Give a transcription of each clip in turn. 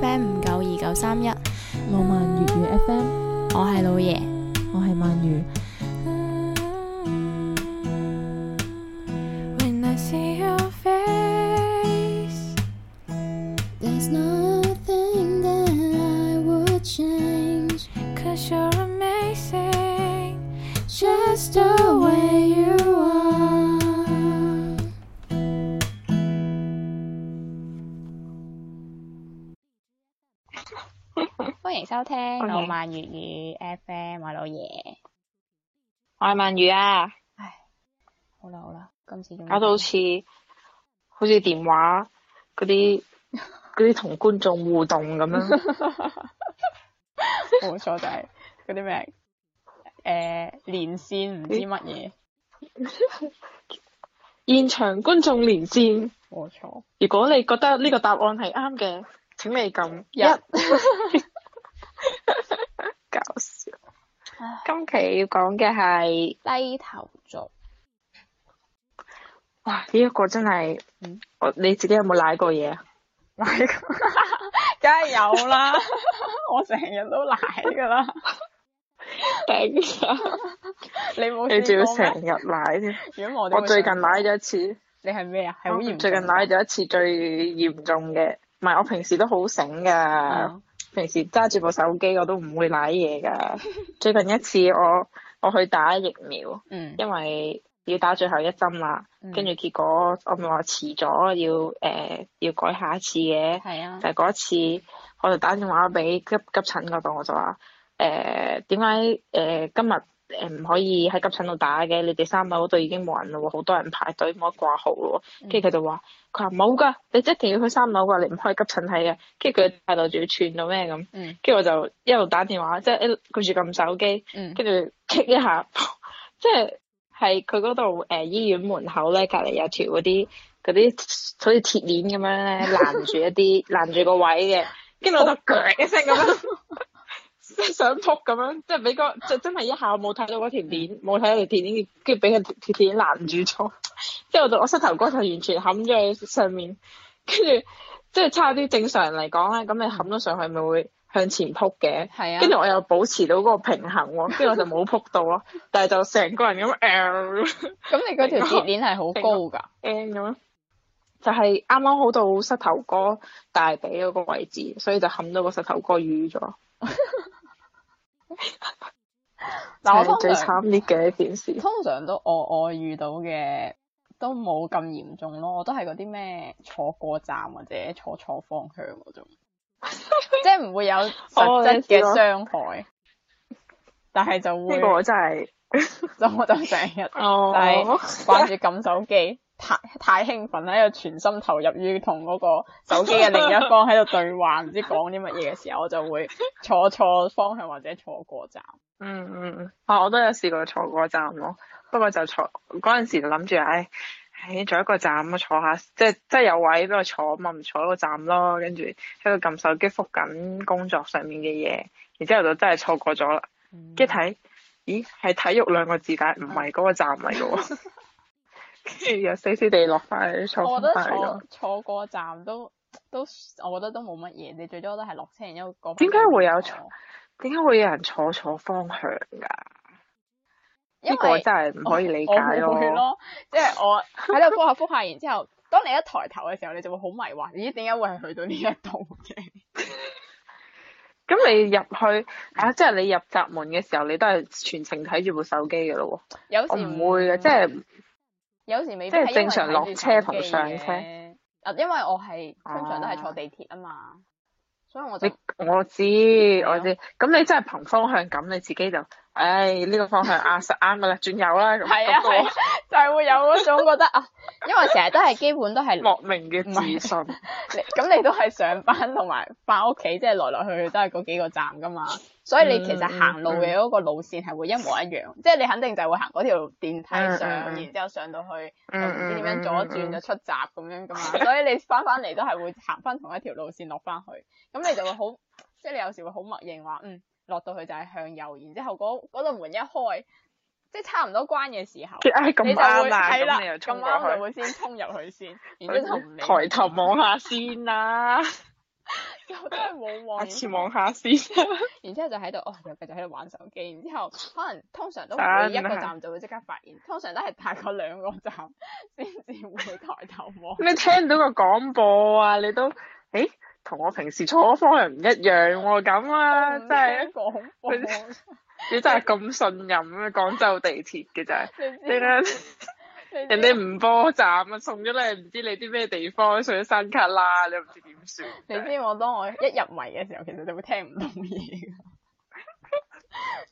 FM 五九二九三一，浪漫粵語 FM，我係老爺，我係鰻魚。Uh, 艾曼宇啊！唉，好啦好啦，今次仲搞到好似好似電話嗰啲嗰啲同觀眾互動咁樣，冇錯 就係嗰啲咩，誒連線唔知乜嘢 現場觀眾連線，冇錯錯。如果你覺得呢個答案係啱嘅， 請你撳一。 今期要講嘅係低頭族。哇，呢、這、一個真係，嗯、我你自己有冇瀨過嘢啊？瀨梗係有啦， 我成日都瀨噶啦。頂 你冇？你仲要成日瀨添？如果我我最近瀨咗一次。你係咩啊？係好嚴？最近瀨咗一次最嚴重嘅，唔係我平時都好醒噶。嗯平時揸住部手機我都唔會賴嘢噶，最近一次我我去打疫苗，嗯、因為要打最後一針啦，跟住、嗯、結果我咪話遲咗，要誒、呃、要改下一次嘅，就係嗰一次我就打電話俾急急診嗰度，我就話誒點解誒今日？誒唔、嗯、可以喺急診度打嘅，你哋三樓嗰度已經冇人啦喎，好多人排隊冇得掛號啦喎，跟住佢就話，佢話冇噶，你一定要去三樓噶，你唔可以急診睇嘅，跟住佢態度仲要串到咩咁，跟住、嗯、我就一路打電話，即係顧住撳手機，跟住 click 一下，嗯、即係係佢嗰度誒醫院門口咧，隔離有條嗰啲嗰啲好似鐵鏈咁樣咧，攔住一啲攔 住個位嘅，跟住我就一聲咁樣。 即係想扑，咁樣，即係俾個，就真係一下，我冇睇到嗰條鏈，冇睇 到條鐵鏈，跟住俾個鐵鏈攔住咗。即係我就我膝頭哥就完全冚咗喺上面，跟住即係差啲正常人嚟講咧，咁你冚咗上去咪會向前扑嘅。係啊。跟住我又保持到個平衡，跟住我就冇扑到咯。 但係就成個人咁 L。咁、呃、你嗰條鐵鏈係好高噶？N 咁咯。呃呃、就係啱啱好到膝頭哥大髀嗰個位置，所以就冚到個膝頭哥淤咗。 嗱，但我通常最慘烈嘅一件事，通常都我我遇到嘅都冇咁嚴重咯，我都係嗰啲咩坐過站或者坐錯方向嗰種， 即係唔會有實質嘅傷害， 哦、但係就會呢個我真係，就我就成日就係掛住撳手機。太太興奮喺度全心投入於同嗰個手機嘅另一方喺度對話，唔 知講啲乜嘢嘅時候，我就會坐錯方向或者坐過站。嗯嗯嗯，啊，我都有試過坐過站咯，不過就坐嗰陣時就諗住，唉喺坐一個站啊，坐下即係即係有位俾我坐啊嘛，唔坐嗰個站咯，跟住喺度撳手機覆緊工作上面嘅嘢，然之後就真係錯過咗啦。一睇、嗯，咦，係體育兩個字，但係唔係嗰個站嚟嘅。 跟住又死死地落翻去坐過去坐過站都都，我覺得都冇乜嘢。你最多都係落車，然之後過。點解會有坐？點解會有人坐坐方向㗎？呢為個真係唔可以理解咯。 即係我喺度撲下撲下，然之後 當你一抬頭嘅時候，你就會好迷惑。咦？點解會係去到呢一度嘅？咁 你入去啊？即係你入閘門嘅時候，你都係全程睇住部手機㗎咯？喎有時，我唔會嘅，即係。有時未必，即係正常落車同上車。啊，因為我係通常都係坐地鐵啊嘛，啊，所以我就我知我知。咁你真係憑方向感，你自己就～唉，呢個方向啊，實啱噶啦，轉右啦咁。係啊係啊，就係會有嗰種覺得啊，因為成日都係基本都係莫名嘅自信。咁你都係上班同埋翻屋企，即係來來去去都係嗰幾個站噶嘛，所以你其實行路嘅嗰個路線係會一模一樣，即係你肯定就會行嗰條電梯上，然之後上到去，唔知點樣左轉就出閘咁樣噶嘛，所以你翻翻嚟都係會行翻同一條路線落翻去，咁你就會好，即係你有時會好默認話嗯。落到去就係向右，然之後嗰度、那個、門一開，即係差唔多關嘅時候，哎啊、你就會係啦，咁啱、嗯、就，就會先衝入去先，然之後抬 頭望 下，下先啦，我都係冇望，下次望下先，然之後就喺度，哦，又繼續喺度玩手機，然之後可能通常都唔會 一個站就會即刻發現，通常都係大概兩個站先至 會抬頭望。 你聽唔到個廣播啊？你都誒？同我平時坐嗰方又唔一樣喎，咁啊，啊真係一個恐怖，你真係咁信任咩廣州地鐵嘅真係？你知,為你知人哋唔播站啊，送咗你唔知你啲咩地方，上咗山卡啦，你又唔知點算？你知是我當我一入迷嘅時候，其實你會聽唔懂嘢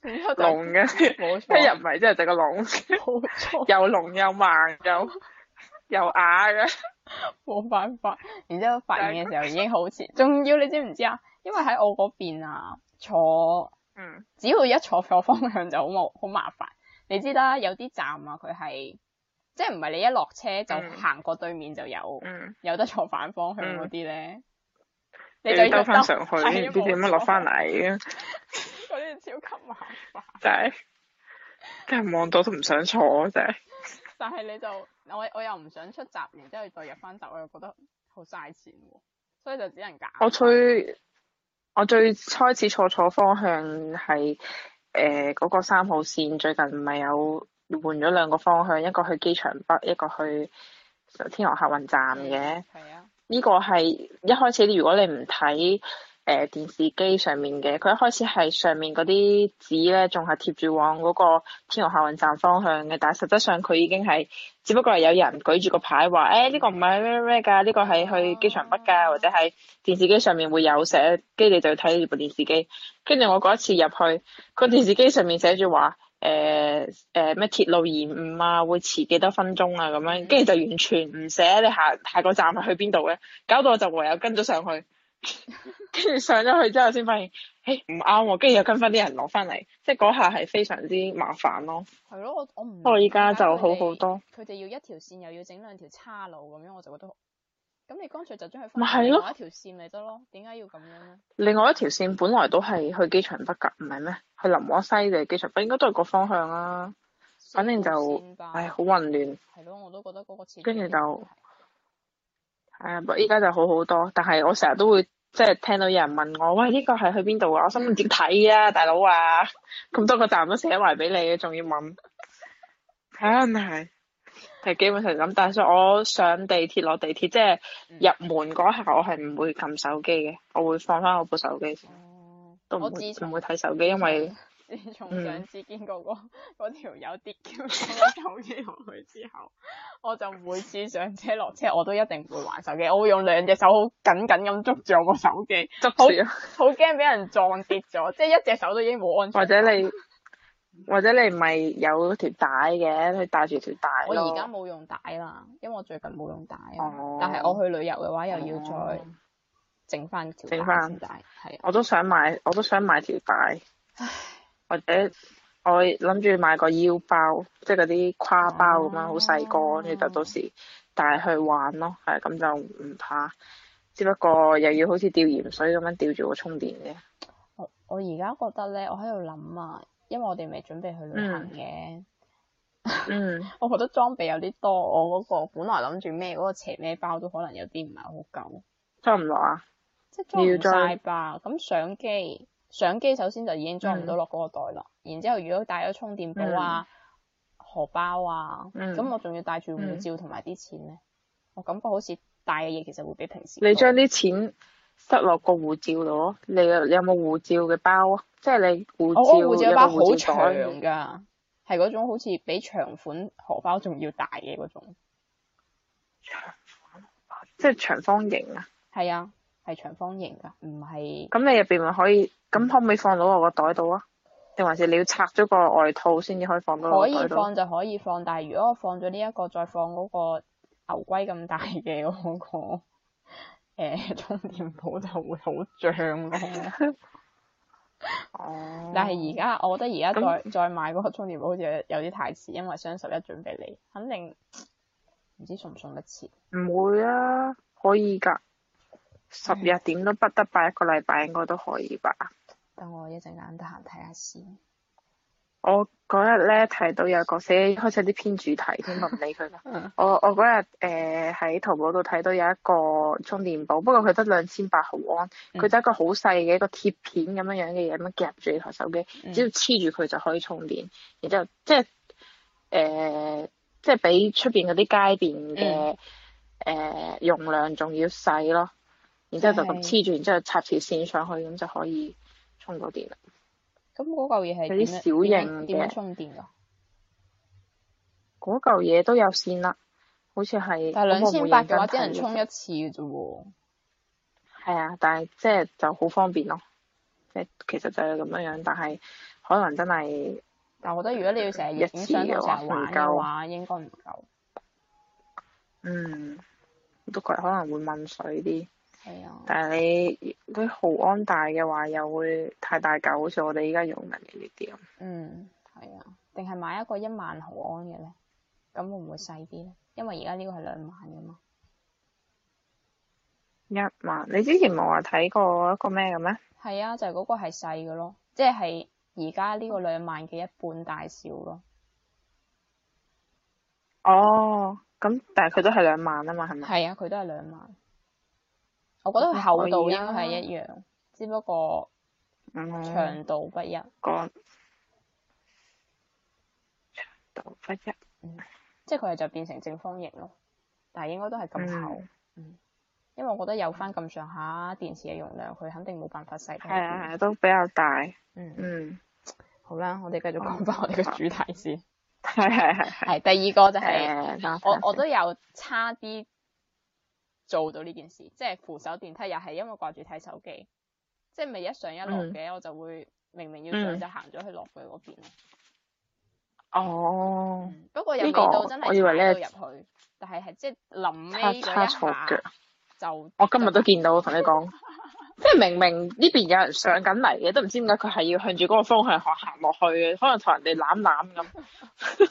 嘅，聾嘅， 冇的錯一入迷之後就個聾錯， 又聾又盲又又啞嘅。冇 辦法，然之後發現嘅時候已經好遲。仲要你知唔知啊？因為喺我嗰邊啊，坐，只要一坐錯方向就好冇好麻煩。你知啦，有啲站啊，佢係即係唔係你一落車就行過對面就有，嗯、有得坐反方向嗰啲咧。嗯、你兜翻上去，唔唉知點樣落翻嚟嘅。啲 超級麻煩的，真係，即係望到都唔想坐，真係。但係你就我我又唔想出閘，然之後再入翻閘，我又覺得好嘥錢，所以就只能揀。我最我最開始坐坐錯方向係誒嗰個三號線，最近唔係有換咗兩個方向，一個去機場北，一個去天河客運站嘅。係啊，呢個係一開始如果你唔睇。誒、呃、電視機上面嘅，佢一開始係上面嗰啲紙咧，仲係貼住往嗰個天河客運站方向嘅，但係實質上佢已經係，只不過係有人舉住個牌話，誒呢、嗯欸呢個唔係咩咩㗎，呢、呢個係去機場北㗎，或者喺電視機上面會有寫，跟住你就睇呢部電視機。跟住我嗰一次入去，個電視機上面寫住話，誒誒咩鐵路延誤啊，會遲幾多分鐘啊咁樣，跟住就完全唔寫你下下個站係去邊度嘅，搞到我就唯有跟咗上去。跟住 上咗去之後，先發現誒唔啱，跟、欸、住、啊、又跟翻啲人落翻嚟，即係嗰下係非常之麻煩咯。係咯，我我唔。不過依家就好好多。佢哋要一條線，又要整兩條叉路咁樣，我就覺得好，咁你乾脆就將佢另，另外一條線咪得咯？點解要咁樣咧？另外一條線本來都係去機場北噶，唔係咩？去林和西定機場北應該都係個方向啦、啊。了反正就吧唉好混亂。係咯，我都覺得嗰個。跟住就。係，依家、啊、就好好多。但係我成日都會即係、就是、聽到有人問我，喂呢、這個係去邊度啊？我心唔知睇啊，大佬啊，咁 多個站都寫埋俾你嘅，仲要問，肯定係，係基本上咁。但係我上地鐵落地鐵，即係入門嗰下，我係唔會撳手機嘅，我會放翻我部手機先，嗯、都唔會唔會睇手機，因為。自從上次見嗰、嗰條友跌咗手機落去之後，我就每次上車落車我都一定會玩手機，我會用兩隻手好緊緊咁捉住我個手機，捉住，好驚俾人撞跌咗， 即係一隻手都已經冇安全或。或者你或者你唔係有條帶嘅，你戴住條帶。我而家冇用帶啦，因為我最近冇用帶，哦、但係我去旅遊嘅話又要再整翻條整翻帶，係我都想買，我都想買條帶。或者我諗住買個腰包，即係嗰啲挎包咁樣，好細、啊、個，跟住就到時帶去玩咯。係咁就唔怕，只不過又要好似吊鹽水咁樣吊住個充電嘅。我我而家覺得咧，我喺度諗啊，因為我哋未準備去旅行嘅、嗯。嗯。 我覺得裝備有啲多，我嗰個本來諗住孭嗰個斜孭包都可能有啲唔係好夠。裝唔落啊？即係裝唔晒吧？咁相機。相機首先就已經裝唔到落嗰個袋啦，嗯、然之後如果帶咗充電寶啊、嗯、荷包啊，咁、嗯、我仲要帶住護照同埋啲錢咧，嗯、我感覺好似帶嘅嘢其實會比平時多。你將啲錢塞落個護照度咯，你有有冇護照嘅包啊？即係你護照、哦。我個護照包好長噶，係嗰種好似比長款荷包仲要大嘅嗰種，長即係長方形啊？係啊。係長方形噶，唔係。咁你入邊咪可以？咁可唔可以放到我個袋度啊？定還是你要拆咗個外套先至可以放到？可以放就可以放，但係如果我放咗呢一個，再放嗰個牛龜咁大嘅嗰個誒充電寶，就會好脹咯。哦。 但係而家，我覺得而家再那再買嗰個充電寶，好似有啲太遲，因為雙十一準備嚟，肯定唔知送唔送得切。唔會啊，可以噶。十日點都不得，拜 一個禮拜應該都可以吧？等我一陣間得閒睇下先。我嗰日咧睇到有個寫，開始有啲偏主題，咁我唔理佢啦。我我嗰日誒喺淘寶度睇到有一個充電寶，不過佢得兩千八毫安，佢就一個好細嘅一個貼片咁樣樣嘅嘢，咁樣夾住你台手機，只要黐住佢就可以充電，然之後即係誒即係比出邊嗰啲街邊嘅誒容量仲要細咯。Mit 然之後就咁黐住，然之後插條線上去，咁就可以充到電啦。咁嗰嚿嘢係啲小型點樣充電噶？嗰嚿嘢都有線啦，好似係。但係兩千八嘅話，只能充一次啫喎。係啊，但係即係就好方便咯。即係其實就係咁樣樣，但係可能真係。但我覺得如果你要成日用，想成日玩嘅話，夠應該唔夠。嗯，我都覺得可能會濛水啲。係啊，但係你嗰毫安大嘅話又會太大舊，好似我哋依家用緊嘅呢啲咁。嗯，係啊，定係買一個一萬毫安嘅咧？咁會唔會細啲咧？因為而家呢個係兩萬噶嘛。一萬，你之前冇話睇過一個咩嘅咩？係啊，就嗰個係細嘅咯，即係而家呢個兩萬嘅一半大小咯。哦，咁但係佢都係兩萬啊嘛，係咪？係啊，佢都係兩萬。我覺得厚度應該係一樣，只不過長度不一。長度不一，嗯，即係佢係就變成正方形咯，但係應該都係咁厚，嗯，因為我覺得有翻咁上下電池嘅容量，佢肯定冇辦法細。係啊係啊都比較大，嗯嗯，好啦，我哋繼續講翻我哋嘅主題先。係係係係，第二個就係，我我都有差啲。做到呢件事，即係扶手電梯又係因為掛住睇手機，即係咪一上一落嘅，我就會明明要上就行咗去落去嗰邊咯。哦，不過有見到真係以為入去，但係係即係臨尾嗰一下就我今日都見到，同你講，即係明明呢邊有人上緊嚟嘅，都唔知點解佢係要向住嗰個方向行落去嘅，可能同人哋攬攬咁。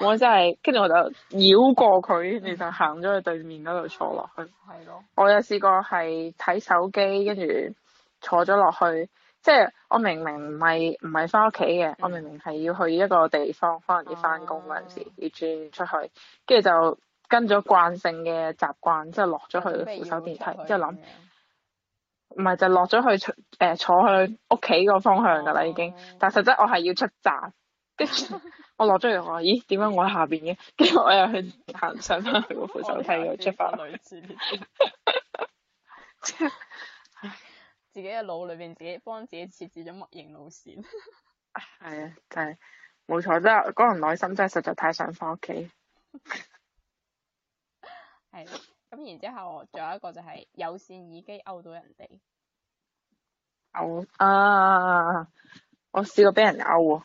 我真係，跟住我就繞過佢，跟住 就行咗去對面嗰度坐落去。係咯。我有試過係睇手機，跟住坐咗落去。即係我明明唔係唔係翻屋企嘅， 我明明係要去一個地方，可能要翻工嗰陣時要 轉出去，跟住就跟咗慣性嘅習慣，即係落咗去扶手電梯，之後諗，唔係就落咗去、呃、坐誒坐去屋企個方向噶啦已經。但係實質我係要出站，跟住。我落咗嚟，我話咦點解我喺下邊嘅？跟住我又去行上翻去個扶手梯，再出翻去黐線。即係自己嘅腦裏邊，自己幫自己設置咗模型路線。係 啊，就係冇錯，真係嗰人內心真係實在太想翻屋企。係 咁 然之後我仲有一個就係有線耳機勾到人哋。勾啊！我試過俾人勾喎。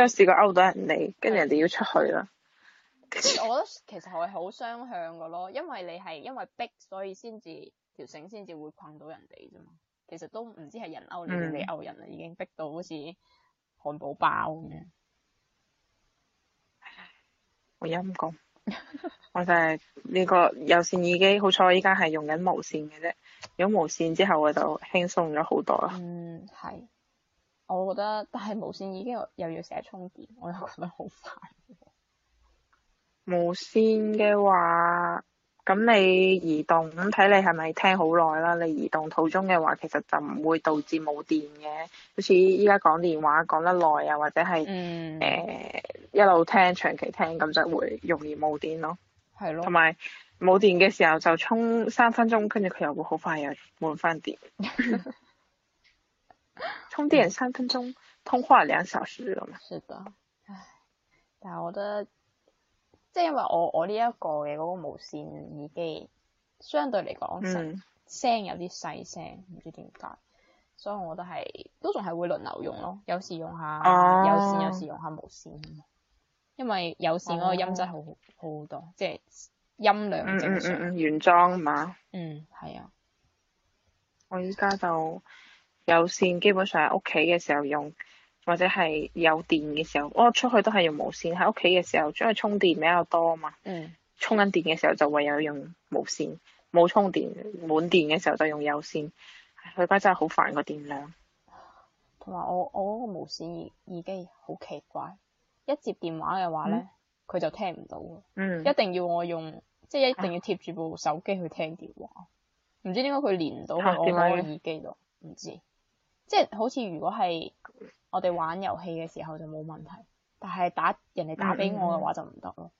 有試過勾到人哋，跟住人哋要出去啦。 我覺得其實係好雙向噶咯，因為你係因為逼，所以先至條繩先至會困到人哋啫嘛。其實都唔知係人勾你，嗯、你勾人啦，已經逼到好似漢堡包咁嘅。我陰公， 我就係呢個有綫耳機，好彩我依家係用緊無綫嘅啫。如果無綫之後我就輕鬆咗好多啦。嗯，係。我覺得，但係無線已經又要成日充電，我又覺得好煩。無線嘅話，咁你移動咁睇你係咪聽好耐啦？你移動途中嘅話，其實就唔會導致冇電嘅。好似依家講電話講得耐啊，或者係誒、嗯呃、一路聽長期聽咁，就會容易冇電咯。係咯。同埋冇電嘅時候就充三分鐘，跟住佢又會好快又換翻電。 充電三分鐘，通話兩小時咁啊！是的，唉，但係我覺得，即係因為我我呢一個嘅嗰個無線耳機，相對嚟講，嗯，聲有啲細聲，唔知點解，所以我都係都仲係會輪流用咯，有時用下、Oh. 有線，有時用下無線，因為有線嗰個音質好好好多，即係音量正常，oh. Oh. Oh. Oh. 原裝嘛，嗯，係啊，我依家就。有線基本上喺屋企嘅時候用，或者係有電嘅時候，我、哦、出去都係用無線。喺屋企嘅時候，因為充電比較多啊嘛，嗯、充緊電嘅時候就唯有用無線，冇充電滿電嘅時候就用有線。佢真係好煩個電量。同埋我我嗰個無線耳耳機好奇怪，一接電話嘅話咧，佢、嗯、就聽唔到，嗯、一定要我用，即係一定要貼住部手機去聽電話。啊、唔知點解佢連唔到我我個耳機度，啊、唔知。即係好似如果係我哋玩遊戲嘅時候就冇問題，但係打人哋打俾我嘅話就唔得咯。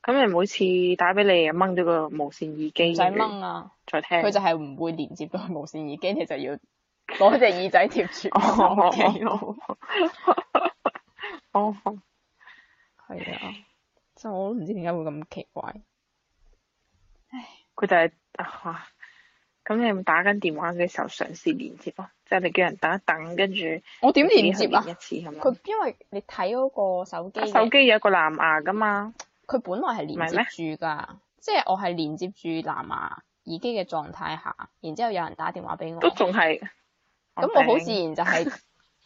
咁你每次打俾你，掹咗個無線耳機，唔使掹啊，再聽佢就係唔會連接到個無線耳機，你就要攞隻耳仔貼住。哦，係啊，就我都唔知點解會咁奇怪。唉，佢就係啊。咁你有冇打緊電話嘅時候嘗試連接咯？即係你叫人打等一等，跟住我點連接啊？佢因為你睇嗰個手機，手機有一個藍牙噶嘛，佢本來係連接住㗎，即係我係連接住藍牙耳機嘅狀態下，然之後有人打電話俾我，都仲係，咁我好自然就係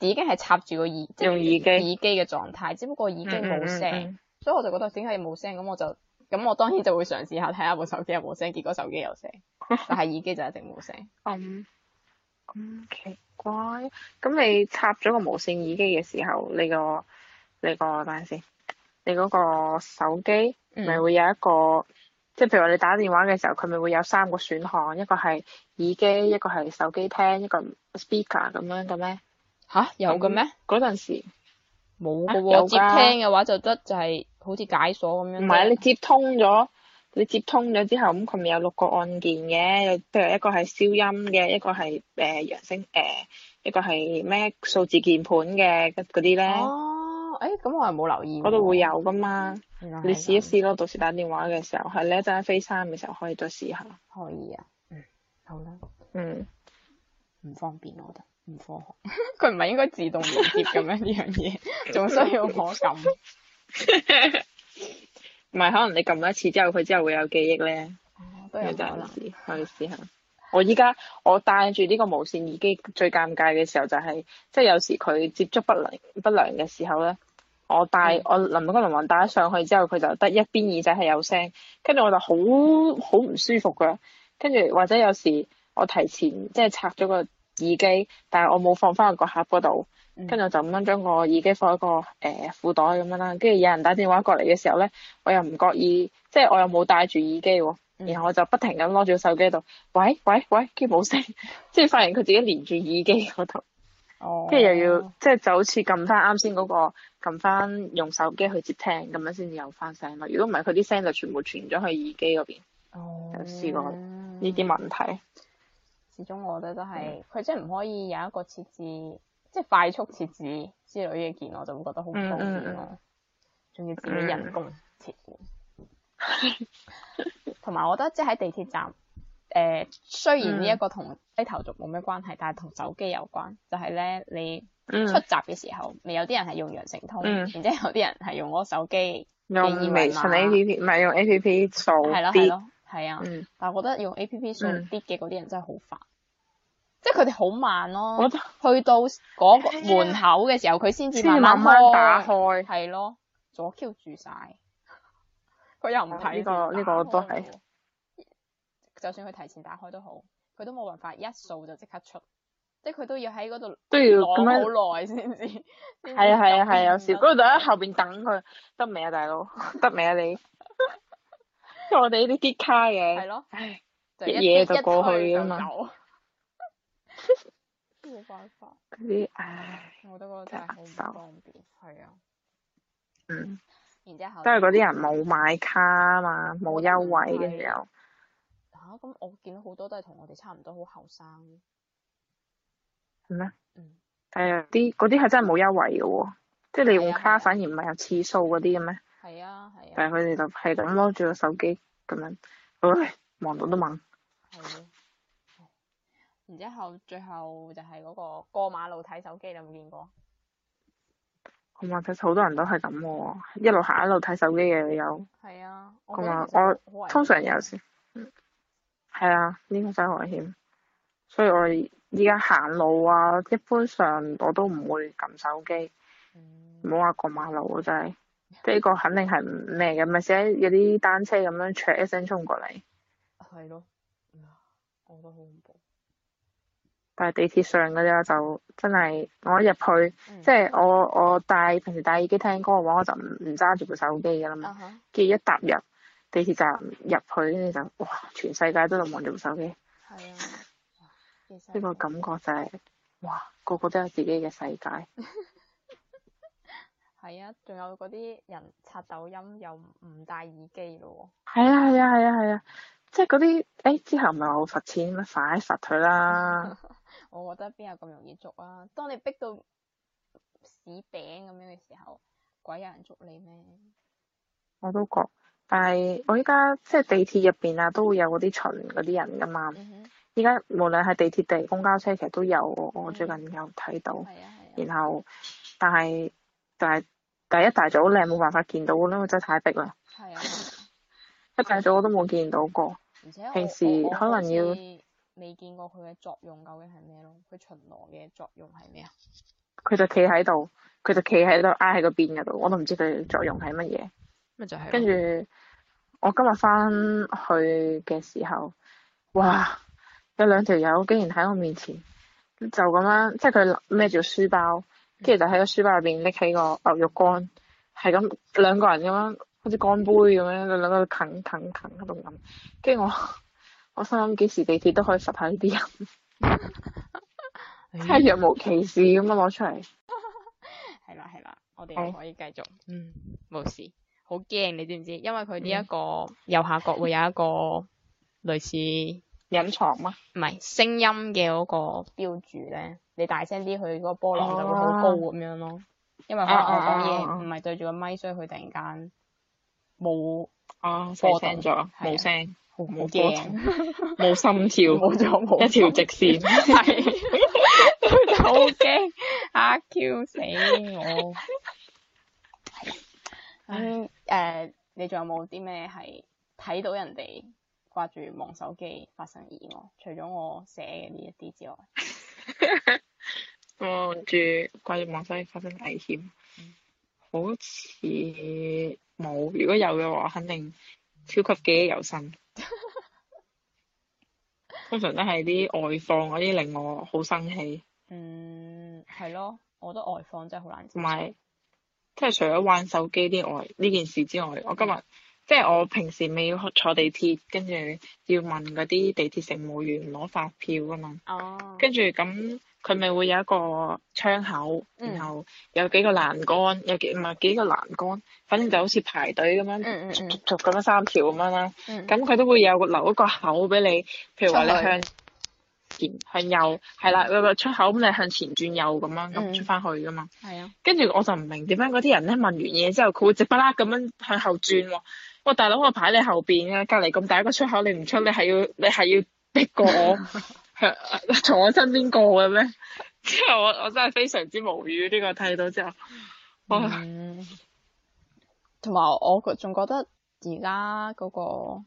已經係插住個耳，用耳機，耳機嘅狀態，只不過耳機冇聲，嗯嗯嗯嗯，所以我就覺得點解冇聲，咁我就。咁我當然就會嘗試下睇下部手機有冇聲，結果手機有聲，但係耳機就一直冇聲。咁咁、 嗯嗯、奇怪。咁你插咗個無線耳機嘅時候，你個你個等陣先，你嗰個手機咪、嗯、會有一個，即係譬如話你打電話嘅時候，佢咪會有三個選項，一個係耳機，一個係手機聽，一個 speaker 咁樣嘅咩？吓？有嘅咩？嗰陣時冇嘅喎。有接聽嘅話就得就係、是。好似解鎖咁樣，唔係啊！你接通咗，你接通咗之後，咁佢咪有六個按鍵嘅？譬如一個係消音嘅，一個係誒揚聲，誒一個係咩數字鍵盤嘅嗰啲咧。呢哦，誒、欸，咁我係冇留意。嗰度會有噶嘛？嗯、你試一試咯，到時打電話嘅時候，係你一陣飛三嘅時候，可以再試下。可以啊。嗯，好啦。嗯，唔方便我覺得，唔科學。佢唔係應該自動連接咁樣呢樣嘢，仲 需要我撳？ 唔係， 可能你撳一次之後，佢之後會有記憶咧。哦，都有可能，可以試下。我依家我戴住呢個無線耳機，最尷尬嘅時候就係，即係有時佢接觸不良不良嘅時候咧，我戴我臨到個樓層戴咗上去之後，佢就得一邊耳仔係有聲，跟住我就好好唔舒服㗎。跟住或者有時我提前即係拆咗個耳機，但係我冇放翻去個盒嗰度。跟住就咁樣將個耳機放喺個誒、呃、褲袋咁樣啦。跟住有人打電話過嚟嘅時候咧，我又唔覺意，即係我又冇戴住耳機喎、啊。嗯、然後我就不停咁攞住手機度，喂喂喂，跟住冇聲，即係發現佢自己連住耳機嗰度。哦。跟住又要即係就好似撳翻啱先嗰個撳翻用手機去接聽咁樣先至有翻聲咯。如果唔係，佢啲聲就全部傳咗去耳機嗰邊。哦。試過呢啲問題。始終我覺得都係佢即係唔可以有一個設置。即係快速設置之類嘅鍵，我就會覺得好方便咯。仲、嗯嗯、要自己人工設置，同埋、嗯、 我覺得即係喺地鐵站，誒、呃、雖然呢一個同低頭族冇咩關係，嗯、但係同手機有關，就係、是、咧，你出閘嘅時候，嗯、有啲人係用羊城通，然之後有啲人係用我手機、啊，用微信 A P P，唔係用 A P P 掃。係咯係咯，係啊，嗯、但係我覺得用 A P P 掃啲嘅啲人真係好煩。嗯即係佢哋好慢咯，去到嗰個門口嘅時候，佢先至慢慢打開，係咯，左 Q 住晒，佢又唔睇個呢個都係，就算佢提前打開都好，佢都冇辦法一掃就即刻出，即係佢都要喺嗰度都要攞好耐先至，係啊係啊係有少，咁就喺後邊等佢，得未啊大佬？得未啊你？我哋呢啲啲卡嘅，係咯，唉，一嘢就過去啊嘛。都冇辦法，嗰啲 唉，我都覺得真係好唔方便，係手啊，嗯，然之後都係嗰啲人冇買卡啊嘛，冇是優惠嘅又，吓咁、啊、我見到好多都係同我哋差唔多，好後生，係咩？嗯，係啊，啲嗰啲係真係冇優惠嘅喎、啊，即係你用卡反而唔係有次數嗰啲嘅咩？係啊係啊，但係佢哋就係咁攞住個手機咁樣，唉，望到都懵。係 然之後，最後就係嗰個過馬路睇手機，你有冇見過？同埋啊，即好多人都係咁嘅，一路行一路睇手機嘅有。係啊。同埋我,我通常有時。係 啊，呢個真係危險，所以我依家行路啊，一般上我都唔會撳手機。唔好話過馬路啊，真係呢個肯定係唔咩嘅，咪寫有啲單車咁樣 check 一聲衝過嚟。係咯。 我覺得好恐怖。喺地鐵上嗰啲啊，就真係我一入去，即係我我戴平時戴耳機聽歌嘅話，我就唔唔揸住部手機㗎啦嘛。跟住、嗯、一踏入地鐵站入去咧，就哇，全世界都度望住部手機。係啊，呢個感覺就係、是、哇，個個都有自己嘅世界。係啊，仲有嗰啲人刷抖音又唔戴耳機咯喎。係啊，係啊，係啊，係啊，即係嗰啲誒之後唔係話會罰錢咩？快罰佢啦！ 我覺得邊有咁容易捉啊！當你逼到屎餅咁樣嘅時候，鬼有人捉你咩？我都覺，但係我依家即係地鐵入邊啊，都會有嗰啲巡嗰啲人噶嘛。依家、mm hmm. 無論係地鐵地、公交車，其實都有。我最近有睇到，mm hmm. 然後但係但係但係一大早你係冇辦法見到啦，真係太逼啦。係啊、mm，hmm. 一大早我都冇見到過，mm hmm. 平時可能要、mm。Hmm. 未見過佢嘅作用究竟係咩咯？佢巡邏嘅作用係咩啊？佢就企喺度，佢就企喺度，挨喺個邊嗰度，我都唔知佢作用係乜嘢。咁就係。跟住我今日翻去嘅時候，哇！有兩條友竟然喺我面前，就咁樣，即係佢孭住書包，跟住、嗯、就喺個書包入邊拎起個牛肉乾，係咁兩個人咁樣，好似乾杯咁樣，就、嗯、兩個喺度啃啃啃喺度咁，跟住我。我心諗幾時地鐵都可以罰下呢啲人， 真係若無其事咁樣攞出嚟。係啦係啦，我哋可以繼續。嗯，冇事。好驚你知唔知？因為佢呢一個右下角會有一個類似隱 類似 藏啊，唔係聲音嘅嗰、嗰個標注咧。你大聲啲，佢嗰個波浪就會好高咁樣咯。啊、因為可能我講嘢唔係對住個咪，所以佢突然間冇啊，啊波動咗冇聲。啊聲聲冇驚，冇心跳，冇咗了，冇了一條直線，好驚 對，嚇 Q 死我。咁誒，你仲有冇啲咩係睇到人哋掛住望手機發生意外？除咗我寫嘅呢一啲之外，望住掛住望手機發生危險，好似冇。如果有嘅話，肯定超級記憶猶新。 通常都係啲外放嗰啲令我好生氣。嗯，係咯，我覺得外放真係好難接受，同埋即係除咗玩手機啲外呢件事之外，Okay. 我今日即係我平時未要坐地鐵，跟住要問嗰啲地鐵乘務員攞發票噶嘛。哦、oh.。跟住咁。佢咪會有一個窗口，嗯、然後有幾個欄杆，有幾唔係幾個欄杆，反正就好似排隊咁樣，逐逐咁樣三條咁樣啦。咁佢、嗯、都會有留一個口俾你，譬如話你向前、向右，係啦、嗯嗯，有個出口咁、嗯、你向前轉右咁樣出翻去噶嘛。係啊、嗯，跟、嗯、住我就唔明點解嗰啲人咧問完嘢之後，佢會直不啦咁樣向後轉喎。喂大佬，我排喺你後面、啊、邊嘅，隔離咁大一個出口，你唔出，你係要你係要逼過我。 佢 從我身邊過嘅咩？之 後我我真係非常之無語，呢個睇到之後，同埋、嗯、我仲覺得而家嗰個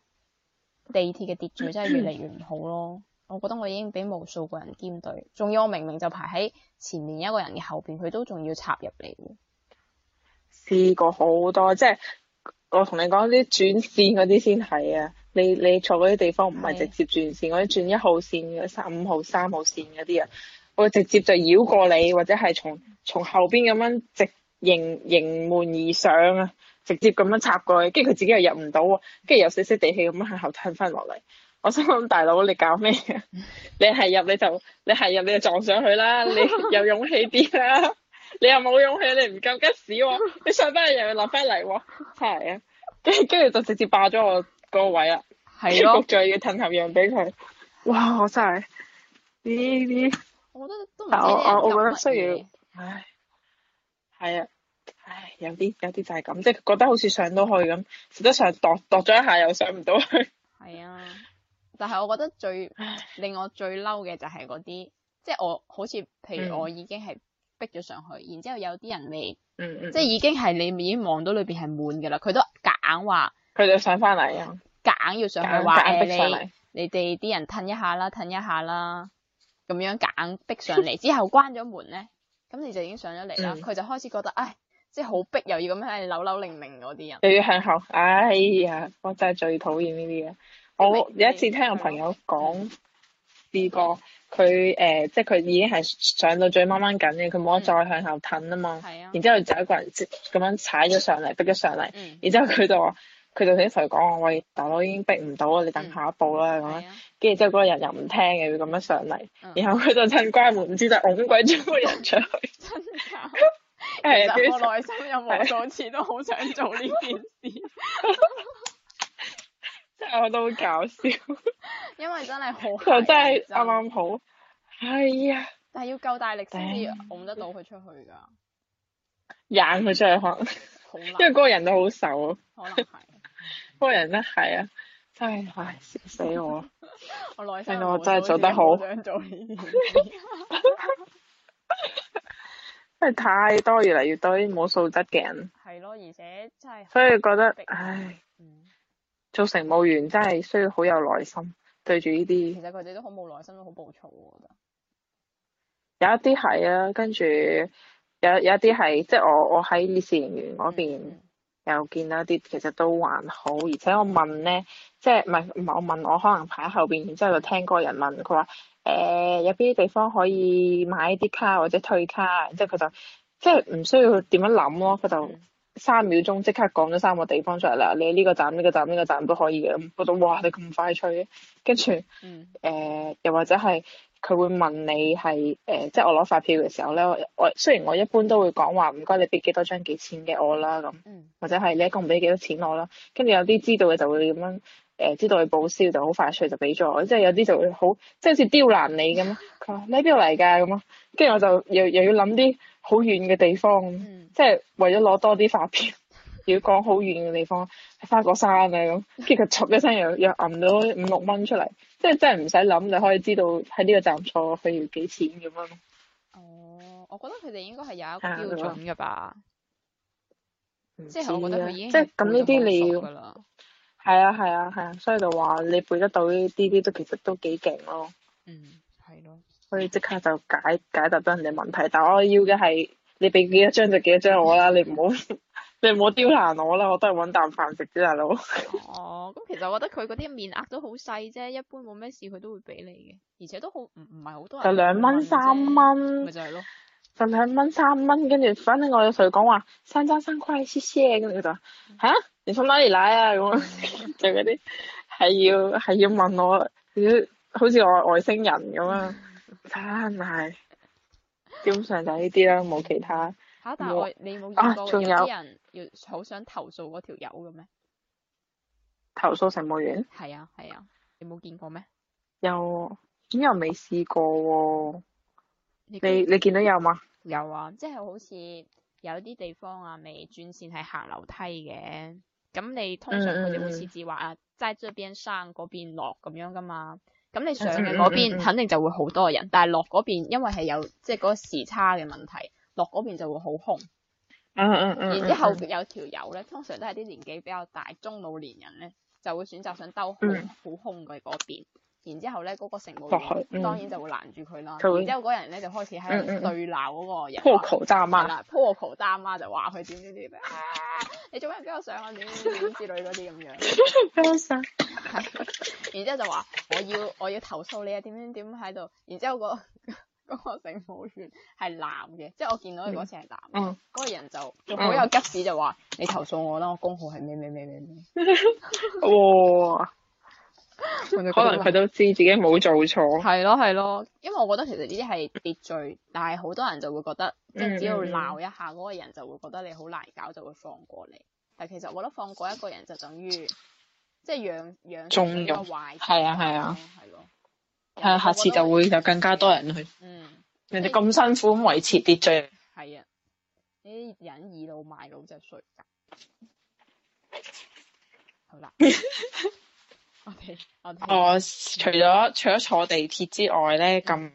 地鐵嘅秩序真係越嚟越唔好咯。 我覺得我已經俾無數個人兼隊，仲要我明明就排喺前面一個人嘅後邊，佢都仲要插入嚟。試過好多，即係我同你講啲轉線嗰啲先係啊。你你坐嗰啲地方唔係直接轉線，我要 Okay. 轉一號線、三五號、三號線嗰啲啊，我直接就繞過你，或者係從從後邊咁樣直迎迎門而上啊，直接咁樣插過去，跟住佢自己又入唔到喎，跟住又死死地氣咁樣向後褪翻落嚟。我心想問大佬你搞咩啊？ 你係入你就你係入你就撞上去啦，你有勇氣啲啦， 你又冇勇氣，你唔夠吉屎喎，你上翻去又要落翻嚟喎，係啊，跟跟住就直接霸咗我個位啦、啊，係咯的，仲要混合樣俾佢，哇！我真係呢啲，我覺得都唔係。係我我覺得需要，唉，係啊唉，唉，唉，有啲有啲就係咁，即係覺得好似上到去咁，實質上度度咗一下又上唔到去。係啊，但係我覺得最令我最嬲嘅就係嗰啲，唉即係我好似譬如我已經係逼咗上去，嗯、然之後有啲人你，嗯嗯、即係已經係你已經望到裏邊係滿噶啦，佢都夾硬話。佢就上翻嚟啊！夾硬要上去話誒，你你哋啲人褪一下啦，褪一下啦，咁樣夾硬逼上嚟之後關咗門咧，咁你就已經上咗嚟啦。佢就開始覺得，唉，即係好逼，又要咁樣扭扭擰擰嗰啲人，又要向後，哎呀，我真係最討厭呢啲嘢。我有一次聽我朋友講，呢個佢誒，即係佢已經係上到最掹掹緊嘅，佢冇得再向後褪啊嘛。係啊。然之後就一個人咁樣踩咗上嚟，逼咗上嚟，然之後佢就話。佢就成日講我，喂，大佬已經逼唔到啦，你等下一步啦咁樣。跟住之後嗰個人又唔聽嘅，佢咁樣上嚟，然後佢就趁關門唔知就拱鬼咗個人出去。真㗎！其實，我內心有無數次都好想做呢件事，即係我都好搞笑。因為真係好，佢真係啱啱好。係啊！但係要夠大力先至拱得到佢出去㗎。掗佢出去可能，因為嗰個人都好瘦。可能係。個人咧係啊，真係唉，笑死我！令到 我，我真係做得好，想做呢啲，真係太多越嚟越多冇素質嘅人。係咯，而且真係。所以覺得唉，嗯、做乘務員真係需要好有耐心對住呢啲。其實佢哋都好冇耐心，都好暴躁，我覺得有一啲係啊，跟住有有一啲係，即係我我喺烈士陵園嗰邊。嗯嗯又見到一啲其實都還好，而且我問咧，即係唔係唔係我問，我可能排喺後邊，然之後就聽個人問，佢話誒，有邊啲地方可以買啲卡或者退卡，然之後佢就即係唔需要點樣諗咯，佢就三秒鐘即刻講咗三個地方出嚟，啦，你呢個站呢、呢個站呢、呢個站都可以嘅，我覺得哇你咁快脆，跟住誒又或者係。佢會問你係誒、呃，即係我攞發票嘅時候咧，我，我雖然我一般都會講話唔該，你俾幾多張幾錢嘅我啦咁，或者係你一共唔俾幾多錢我啦。跟住有啲知道嘅就會咁樣誒、呃，知道去報銷就好快脆就俾咗我，即係有啲就會好，即係好似刁難你咁。佢話你喺邊度嚟㗎咁咯，跟住我就又又要諗啲好遠嘅地方，嗯、即係為咗攞多啲發票，要講好遠嘅地方，花果山嘅咁，跟住佢嚓一聲又又揞咗五六蚊出嚟。即係真係唔使諗，你可以知道喺呢個站坐譬如幾錢咁樣。哦、呃，我覺得佢哋應該係有一個標準嘅吧。即係我覺得佢已經即。即係咁呢啲你要。係啊係啊係啊，所以就話你背得到呢啲啲都其實都幾勁咯。嗯，係咯。可以即刻就解解答咗人哋問題，但我要嘅係你俾幾多張就幾多張我啦， 你唔好。你唔好刁難我啦，我都係搵啖飯食啫，大佬。哦，咁其實我覺得佢嗰啲面額都好細啫，一般冇咩事佢都會俾你嘅，而且都好唔唔係好多，就兩蚊三蚊。咪就係咯，就兩蚊三蚊，跟住反正我有時講話生爭生虧黐黐啊，跟住就吓，你親奶唔奶啊咁啊， 就嗰啲係要係要問我，好似我外，外星人咁、嗯、啊，真係，基本上就係呢啲啦，冇其他。吓！但係我你冇遇過啲、啊、人要好想投訴嗰條友嘅咩？投訴乘務員？係啊係啊，你冇見過咩？有，咁又未試過喎、哦。你你見到有嗎？有啊，即、就、係、是、好似有啲地方啊，未轉線係行樓梯嘅。咁你通常佢哋會設置話啊，即係、嗯、這邊上嗰邊落咁樣噶嘛。咁你上嘅嗰邊肯定就會好多人，嗯嗯嗯、但係落嗰邊因為係有即係嗰個時差嘅問題。落嗰邊就會好空，嗯嗯嗯，嗯然之後有條友咧，嗯、通常都係啲年紀比較大中老年人咧，就會選擇想兜好好空嘅嗰邊，然之後咧嗰、那個乘務員，當然就會攔住佢啦。嗯、然之後嗰人咧就開始喺度對鬧嗰個人，Paw 潑口大媽啦，潑口大媽就話佢點點點，你做咩俾我上啊？點點點之類嗰啲咁樣。係， 然之後就話我要我要，我要投訴你啊！點點點喺度，然之後、那個。 嗰個政府員係男嘅，即係我見到嗰次係男。嗰、嗯嗯、個人就就好有吉子就，就話、嗯、你投訴我啦，我工號係咩咩咩咩咩。哦！ 可能佢都知自己冇做錯。係咯係咯，因為我覺得其實呢啲係秩序，但係好多人就會覺得，即係、嗯、只要鬧一下嗰個人，就會覺得你好難搞，就會放過你。但其實我覺得放過一個人就等於即係養養縱容壞，係啊係啊。哇下次就會有更加多人去。嗯，人哋咁辛苦咁維持秩序。係啊、嗯，啲人倚老賣老真衰。好啦，我哋我。我除咗 除咗坐地鐵之外咧咁，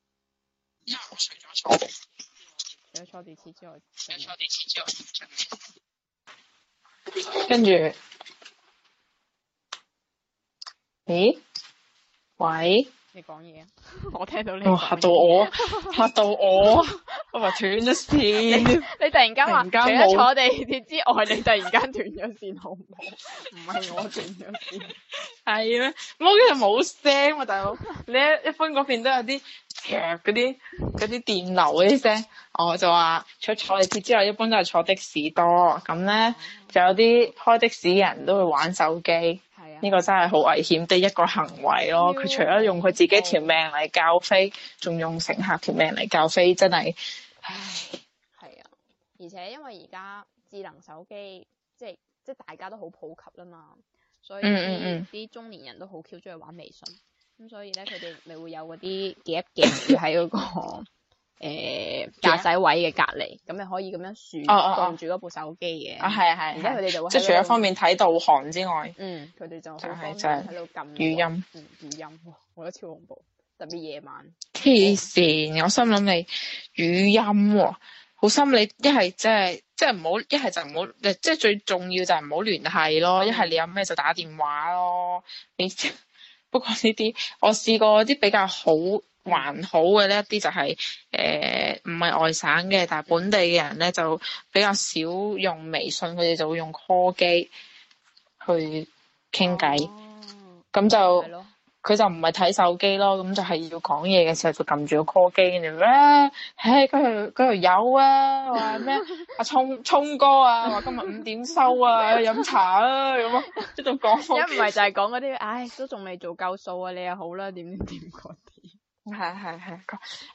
除咗坐地鐵之外，除咗坐地鐵之外，跟住。咦、欸？喂，你講嘢啊，我聽到你吓、哦、到我，嚇到我，我話斷咗線 你。你突然間話除咗坐地鐵之外，你突然間斷咗線好唔好？唔係我斷咗線，係咩？我其實冇聲啊，大佬。你一一般嗰邊都有啲劈嗰啲嗰啲電流嗰啲聲。我就話除坐地鐵之外，一般都係坐的士多。咁咧、嗯、就有啲開的士嘅人都會玩手機。呢個真係好危險的一個行為咯！佢要除咗用佢自己條命嚟教飛，仲、嗯、用乘客條命嚟教飛，真係唉係啊！而且因為而家智能手機即係即係大家都好普及啦嘛，所以嗯嗯啲中年人都好 Q 中意玩微信，咁、嗯嗯嗯、所以咧佢哋咪會有啲夾夾喺個。 誒，駕駛、呃、位嘅隔離，咁你、啊、可以咁樣豎，凍住嗰部手機嘅、啊。啊係啊係，而家佢哋就會即係除咗方便睇導航之外，嗯，佢哋就好方便喺度撳語音、嗯，語音，我覺得超恐怖，特別夜晚。黐線善，嗯、我心諗你語音、哦，好心你一係即係即係唔好，一係就唔、是、好，即係最重要就係唔好聯繫咯，一係你有咩就打電話咯。你 不過呢啲，我試過啲比較好。還好嘅呢，一啲就係誒唔係外省嘅，但係本地嘅人咧就比較少用微信，佢哋就會用 call 機去傾偈，咁、哦、就佢、嗯、就唔係睇手機咯，咁就係要講嘢嘅時候就撳住個 call 機嚟啦，唉，嗰度度有啊，話咩阿聰聰哥啊，話今日五點收啊，去飲 茶啊，咁啊，即係仲講，一唔係就係講嗰啲，唉、哎，都仲未做夠數啊，你又好啦，點點係係係，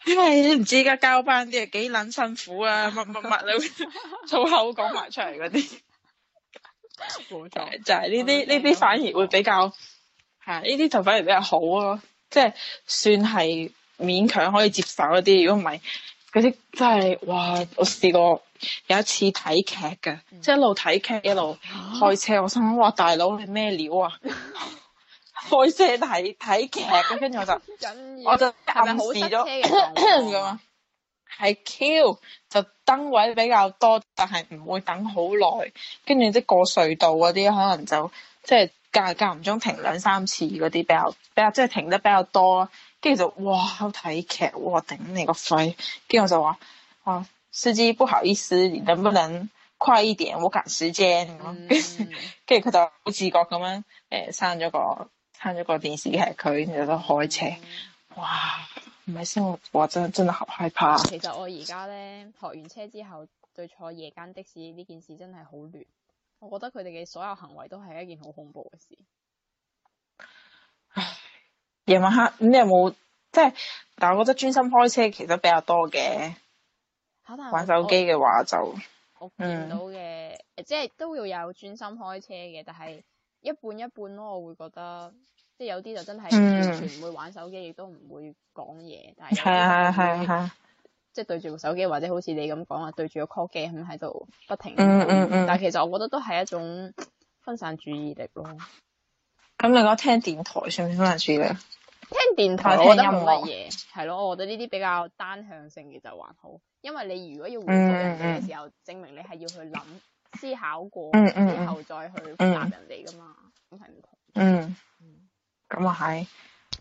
因為你唔知而家交班啲啊幾撚辛苦啊，乜乜乜你會粗口講埋出嚟嗰啲，冇 錯， 就係呢啲呢啲反而會比較，係呢啲就反而比較好咯，即係、嗯就是、算係勉強可以接受一啲。如果唔係，嗰啲真係哇！我試過有一次睇劇嘅，即係一路睇劇一路開車，我心諗哇大佬你咩料啊！開車睇睇劇，咁跟住我就 忍我就暗示咗咁啊，係 Q 就燈位比較多，但係唔會等好耐。跟住即係過隧道嗰啲可能就即係間間唔中停兩三次嗰啲比較，啊即係停得比較多。跟住就哇好睇劇，哇頂你個肺！跟住我就話，啊司機不好意思，你能不能快一點，我趕時間。跟住佢就好自覺咁樣誒，閂、呃、咗個。睇咗個電視劇佢，然後都開車，嗯、哇！唔係先，我我真係真係好害怕。其實我而家咧學完車之後，對坐夜間的士呢件事真係好亂。我覺得佢哋嘅所有行為都係一件好恐怖嘅事。夜晚黑、嗯、你有冇即係？但係我覺得專心開車其實比較多嘅，我玩手機嘅話就，我，我見到嘅、嗯、即係都要有專心開車嘅，但係。一半一半咯，我會覺得，即係有啲就真係完全唔會玩手機，亦、嗯、都唔會講嘢，但係佢哋會、嗯、即係對住部手機，或者好似你咁講話對住個 call 機咁喺度不停，嗯嗯嗯，但係其實我覺得都係一種分散注意力咯。咁、嗯嗯、你覺得聽電台算唔算分散注意力？聽電台我覺得冇乜嘢，係咯，我覺得呢啲比較單向性嘅就還好，因為你如果要回覆人哋嘅時候，嗯嗯嗯，證明你係要去諗。思考過，然後再去答人哋噶嘛，咁係唔同。嗯，咁啊係，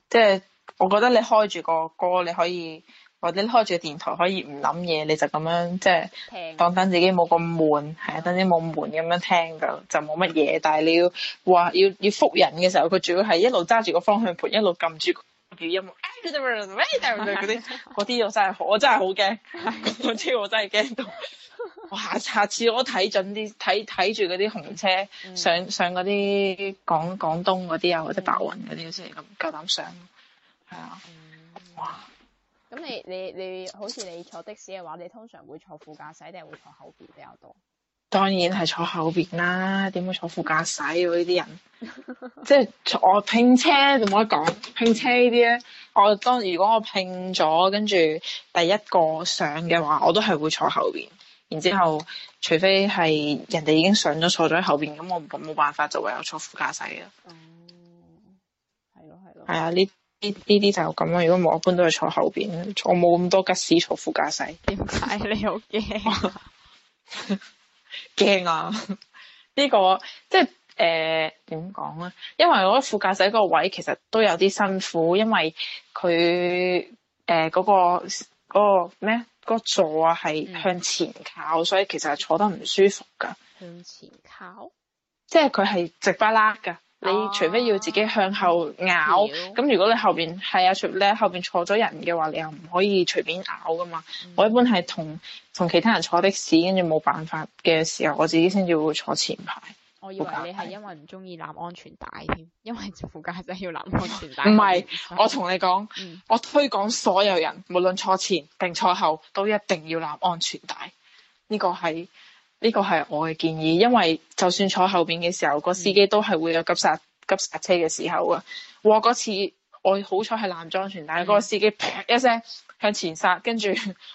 即係我覺得你開住個歌，你可以或者開住個電台，可以唔諗嘢，你就咁樣即係當等自己冇咁悶，係啊，等啲冇悶咁樣聽就就冇乜嘢。但係你要話要要覆人嘅時候，佢主要係一路揸住個方向盤，一路撳住。叫、嗯、音啊！嗰啲嗰啲我真係 我真係好驚，嗰啲我真係驚到。我 下下次我睇準啲睇睇住嗰啲紅車、嗯、上上嗰啲廣廣東嗰啲啊或者白雲嗰啲先咁夠膽上。係啊、嗯，哇！咁你你你好似你坐的士嘅話，你通常會坐副駕駛定係會坐後邊比較多？當然係坐後邊啦，點會坐副駕駛、啊？呢啲人 即係坐我拼車就冇得講，拼車呢啲咧，我當如果我拼咗跟住第一個上嘅話，我都係會坐後邊。然之後，除非係人哋已經上咗坐咗喺後邊，咁我冇冇辦法就唯有坐副駕駛啦。哦、嗯，係咯，係咯，係啊，呢呢呢啲就咁咯。如果我一般都係坐後邊，坐冇咁多吉士坐副駕駛。點解你好驚？ 驚啊！ 這個呃、呢個即係誒點講咧？因為我覺得副駕駛個位其實都有啲辛苦，因為佢誒嗰個、嗰個咩？嗰、嗰個座啊係向前靠，嗯、所以其實係坐得唔舒服噶。向前靠，即係佢係直巴拉噶。你除非要自己向後咬，咁、嗯、如果你後邊係阿 s 咧，啊、後邊坐咗人嘅話，你又唔可以隨便咬噶嘛。嗯、我一般係同同其他人坐的士，跟住冇辦法嘅時候，我自己先至會坐前排。我以講你係因為唔中意攬安全帶添，帶因為副駕係要攬安全帶。唔係 是，以我同你講，嗯、我推廣所有人，無論坐前定坐後，都一定要攬安全帶。呢、這個係。呢個係我嘅建議，因為就算坐後邊嘅時候，嗯、個司機都係會有急剎、急剎車嘅時候啊！哇，嗰次我好彩係男裝船，但係嗰個司機啪一聲向前剎，跟住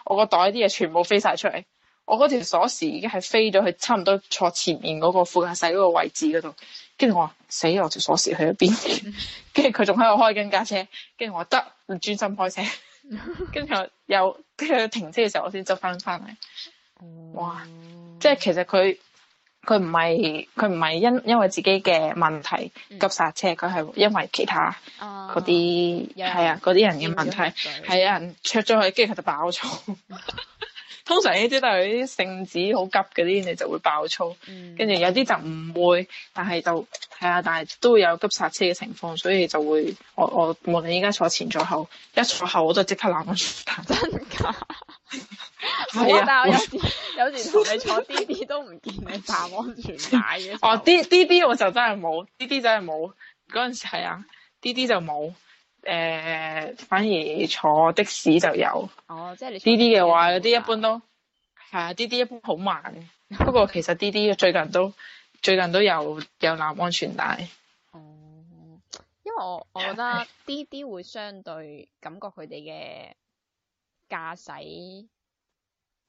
我個袋啲嘢全部飛晒出嚟，我嗰條鎖匙已經係飛咗去差唔多坐前面嗰個副駕駛嗰個位置嗰度，跟住我話死咯，我條鎖匙去咗邊？跟住佢仲喺度開緊架車，跟住我得唔專心開車，跟住 我又跟住佢停車嘅時候我，我先執翻翻嚟。哇！即係其實佢佢唔係佢唔係因因為自己嘅問題急剎車，佢係、嗯、因為其他嗰啲係啊嗰啲人嘅問題，係、嗯、有人灼咗佢，跟住佢就爆粗、嗯。 通常呢啲都係啲性子好急嗰啲，你就會爆粗。跟住、嗯、有啲就唔會，但係就係啊，但係都會有急煞車嘅情況，所以就會我我無論依家坐前坐後，一坐後我就即刻攬安全帶。但真㗎？係啊，但我有時有時同你坐滴滴都唔見你攬安全帶嘅。 哦，滴滴滴我就真係冇，滴滴真係冇。嗰陣時係啊，滴滴就冇。誒，uh, 反而坐的士就有。哦，即係你滴滴嘅話，嗰啲、uh, 一般都係啊，滴滴、uh, 一般好慢。 不過其實滴滴最近都最近都有有拿安全帶。哦、嗯，因為我我覺得滴滴會相對 感覺佢哋嘅駕駛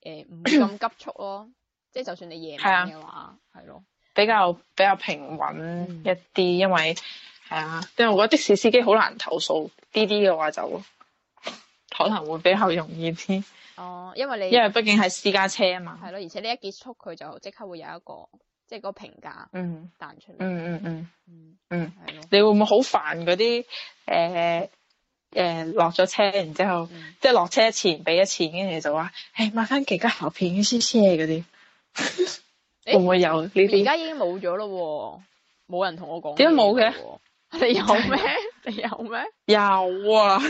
誒唔咁急促咯， 即係就算你夜晚嘅話，係咯 比較比較平穩一啲， 因為。係啊，因為我覺得的士司機好難投訴，滴滴嘅話就可能會比較容易啲。哦，因為你因為畢竟係私家車啊嘛。係咯，而且你一結束佢就即刻會有一個即係嗰個評價，彈出嚟。嗯嗯嗯嗯嗯，係、嗯、咯。嗯、了你會唔會好煩嗰啲誒誒落咗車，然之後即係落車前俾咗錢，跟住就話誒買翻幾間牛片啲車嗰啲？會唔會有你而家已經冇咗咯，冇人同我講。點解冇嘅？你有咩？你有咩？有啊！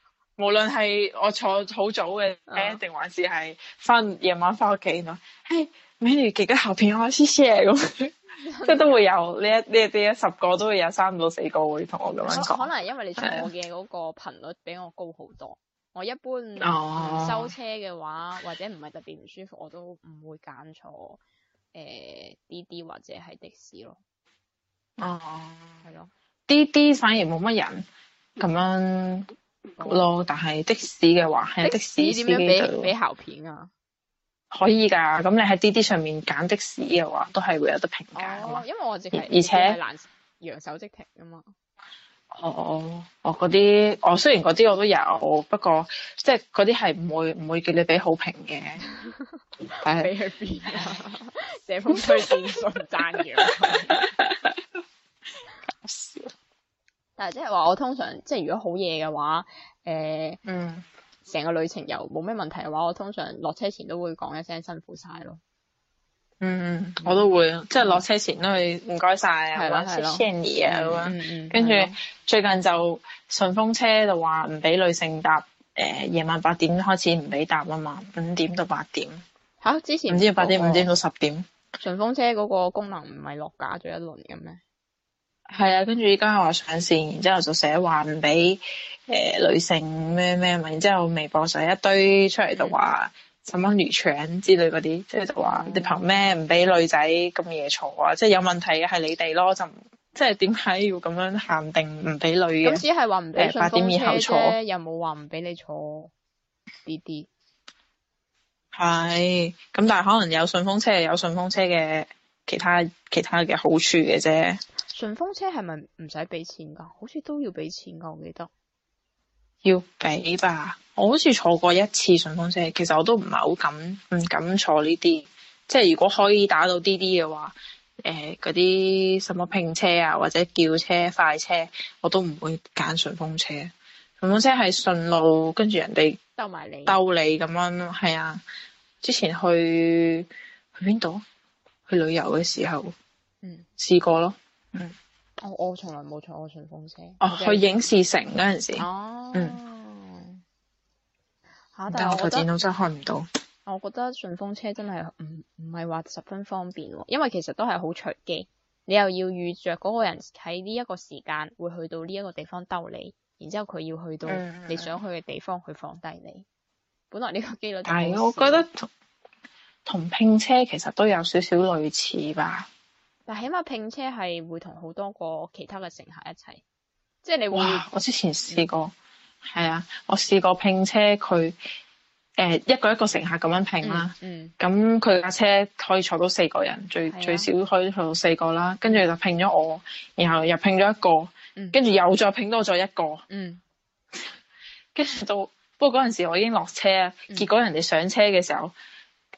無論係我坐好早嘅車，定、uh huh. 還是係翻夜晚返屋企，咁嘿，美、hey, 女記得後片我 share 咁，即係 都會有呢一呢一十個都會有三到四個會同我咁樣講。可能因為你坐嘅嗰個頻率比我高好多。Uh huh. 我一般、嗯、收車嘅話，或者唔係特別唔舒服，我都唔會揀坐誒滴滴或者係的士咯。哦、uh，係、huh. 咯。滴滴反而冇乜人咁樣咯，但係的士嘅話係的士司機對。俾俾好評啊！可以噶，咁你喺滴滴上面揀的士嘅話，都係會有得評價，因為我自己而且揚手即停啊嘛。哦哦哦，嗰啲我雖然嗰啲我都有，不過即係嗰啲係唔會唔會叫你俾好評嘅。俾喺邊啊？這封推薦信讚嘅，搞笑！但係即係話我通常即係如果好夜嘅話，誒、呃，嗯，成個旅程又冇咩問題嘅話，我通常落車前都會講一聲辛苦晒咯。嗯嗯，我都會，嗯、即係落車前都係唔該晒啊，或者 share 啊，跟住最近就順風車就話唔俾女性搭，誒、呃，夜晚八點開始唔俾搭啊嘛，五點到八點。吓、啊，之前唔知八點五點到十點。順、啊、風車嗰個功能唔係落架咗一輪嘅咩？係啊，跟住依家話上線，然之後就寫話唔俾誒女性咩咩，然之後微博上一堆出嚟就話甚麽愚蠢之類嗰啲，嗯，即係就話你憑咩唔俾女仔咁夜坐啊？即係有問題嘅係你哋咯，就即係點解要咁樣限定唔俾女嘅？咁只係話唔俾八點以後坐，又冇話唔俾你坐呢啲。係，咁但係可能有順風車有順風車嘅其他其他嘅好處嘅啫。順風車係咪唔使俾錢噶？好似都要俾錢噶，我記得要俾吧。我好似坐過一次順風車，其實我都唔係好敢唔敢坐呢啲。即係如果可以打到滴滴嘅話，誒嗰啲什麼拼車啊或者叫車快車，我都唔會揀順風車。順風車係順路跟住人哋兜埋你兜你咁樣咯，係啊。之前去去邊度去旅遊嘅時候，嗯，試過咯。嗯，哦、我我從來冇坐過順風車。哦，Okay, 去影視城嗰陣時。哦、啊。嗯。吓，但我頭先都真係開唔到。我覺得順風車真係唔唔係話十分方便， 因為其實都係好隨機。你又要預着嗰個人喺呢一個時間會去到呢一個地方兜你，然之後佢要去到你想去嘅地方去放低你。嗯、本來呢個機率。係，我覺得同同拼車其實都有少少類似吧。但起碼拼車係會同好多個其他嘅乘客一齊，即係你會。哇！我之前試過，係啊、嗯，我試過拼車佢誒、呃、一個一個乘客咁樣拼啦、嗯。嗯。咁佢架車可以坐到四個人，最、嗯、最少可以坐到四個啦。跟住就拼咗我，然後又拼咗一個，跟住、嗯、又再拼多咗一個。嗯。跟住 到，不過嗰陣時我已經落車啊，結果人哋上車嘅時候。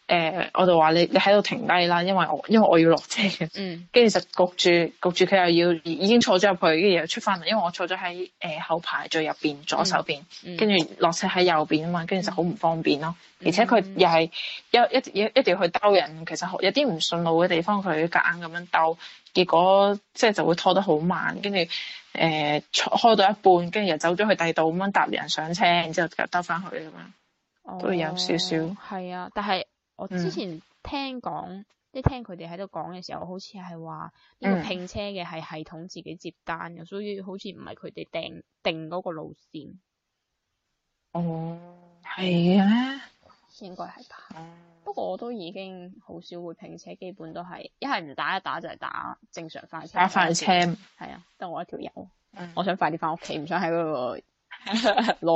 誒，我就話你，你喺度停低啦，因為我因為我要落車嘅，跟住就焗住焗住，佢又要已經坐咗入去，跟住又出翻嚟，因為我坐咗喺誒後排最入邊左手邊，跟住落車喺右邊啊嘛，跟住就好唔方便咯。而且佢又係一一一定要去兜人，其實有啲唔順路嘅地方，佢夾硬咁樣兜，結果即係就會拖得好慢。跟住誒開到一半，跟住又走咗去第二度，咁樣搭人上車，然之後又兜翻去咁樣，都有少少。係啊，但係。我之前聽講，即係聽佢哋喺度講嘅時候，好似係話呢個拼車嘅係系統自己接單嘅，嗯、所以好似唔係佢哋訂訂嗰個路線。哦、嗯，係、嗯、啊，應該係吧。不過我都已經好少會拼車，基本都係一係唔打一打就係打正常快車。快車，係車 啊，得我一條友。嗯、我想快啲翻屋企，唔想喺嗰度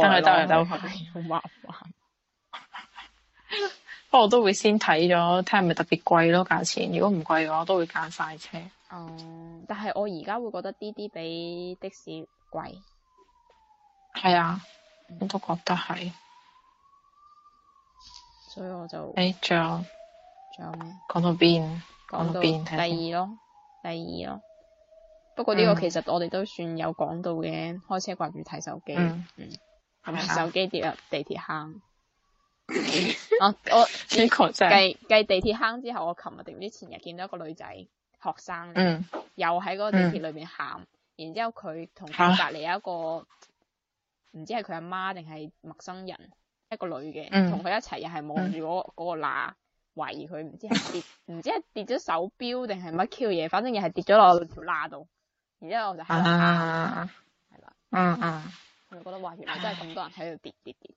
耐耐。好 麻煩。不過我都會先睇咗，睇係咪特別貴咯，價錢。如果唔貴嘅話，我都會揀快車。哦、嗯，但係我而家會覺得滴滴比的士貴。係啊，我都覺得係、嗯。所以我就，誒、欸，仲有，仲有咩？講到邊？講到邊？講到第二咯，第二咯。不過呢個其實我哋都算有講到嘅，開車掛住睇手機，嗯，係咪？手機跌入地鐵坑。我我計計地鐵坑之後，我琴日定唔知前日見到一個女仔學生，嗯，又喺嗰個地鐵裏面喊，然之後佢同佢隔籬有一個唔知係佢阿媽定係陌生人，一個女嘅，同佢一齊又係望住嗰嗰個罅，懷疑佢唔知係跌唔知係跌咗手錶定係乜 Q 嘢，反正又係跌咗落條罅度，然之後我就喊，係啦，嗯嗯，我就覺得哇，原來真係咁多人喺度跌跌跌。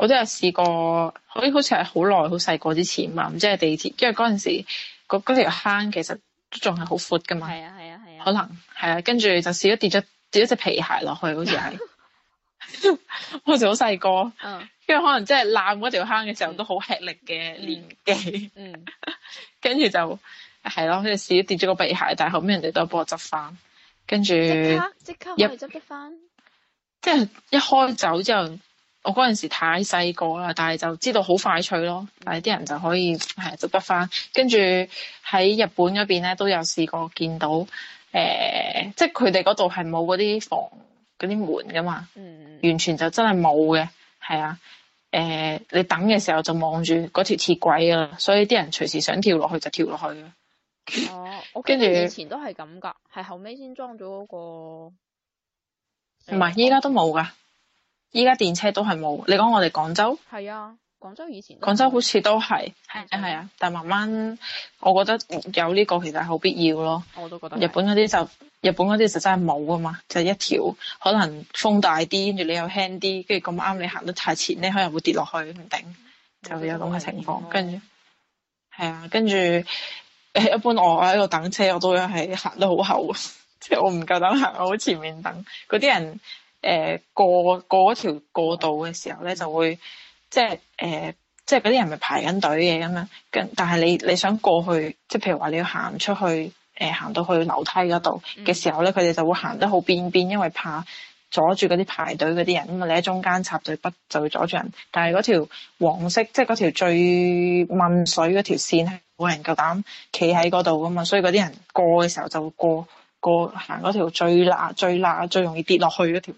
我都有試過，可好似係好耐，好細個之前嘛，唔知係地鐵，因為嗰陣時嗰條坑其實都仲係好闊噶嘛。係啊係啊係啊。啊啊可能係啊，跟住就試咗跌咗跌一隻皮鞋落去，好似係。當 時好細個，嗯、因為可能即係爛嗰條坑嘅時候、嗯、都好吃力嘅年紀。嗯。跟住 就係咯，跟住、啊、試咗跌咗個皮鞋，但係後尾人哋都幫我執翻。跟住即刻即刻可以執得翻。即係一開走之後。我嗰陣時太細個啦，但係就知道好快脆咯，但係啲人就可以係、嗯嗯、就得翻。跟住喺日本嗰邊咧都有試過見到，誒、呃，即係佢哋嗰度係冇嗰啲房、嗰啲門噶嘛，嗯、完全就真係冇嘅，係啊，誒、呃，你等嘅時候就望住嗰條鐵軌㗎喇，所以啲人隨時想跳落去就跳落去哦，跟住以前都係咁噶，係後尾先裝咗嗰、那個，唔係不，依家、嗯、都冇噶。依家電車都係冇，你講我哋廣州？係啊，廣州以前，廣州好似都係，係係、嗯、啊，但係慢慢，我覺得有呢個其實係好必要咯。我都覺得。日本嗰啲就，日本嗰啲就真係冇噶嘛，就係、一條，可能風大啲，跟住你又輕啲，跟住咁啱你行得太前咧，可能會跌落去唔定，嗯、就會有咁嘅情況。跟住，係啊，跟住，誒，一般我喺度等車，我都會係行得好後，即 係我唔夠膽行我好前面等，嗰啲人。誒、呃、過過嗰條過道嘅時候咧，就會即係誒、呃、即係嗰啲人咪排緊隊嘅咁樣。跟但係你你想過去，即係譬如話你要行出去誒，行、呃、到去樓梯嗰度嘅時候咧，佢哋、嗯、就會行得好邊邊，因為怕阻住嗰啲排隊嗰啲人啊嘛。你喺中間插隊不就會阻住人？但係嗰條黃色，即係嗰條最濛水嗰條線，冇人夠膽企喺嗰度㗎嘛。所以嗰啲人過嘅時候就會過過行嗰條最辣最辣最容易跌落去嗰條。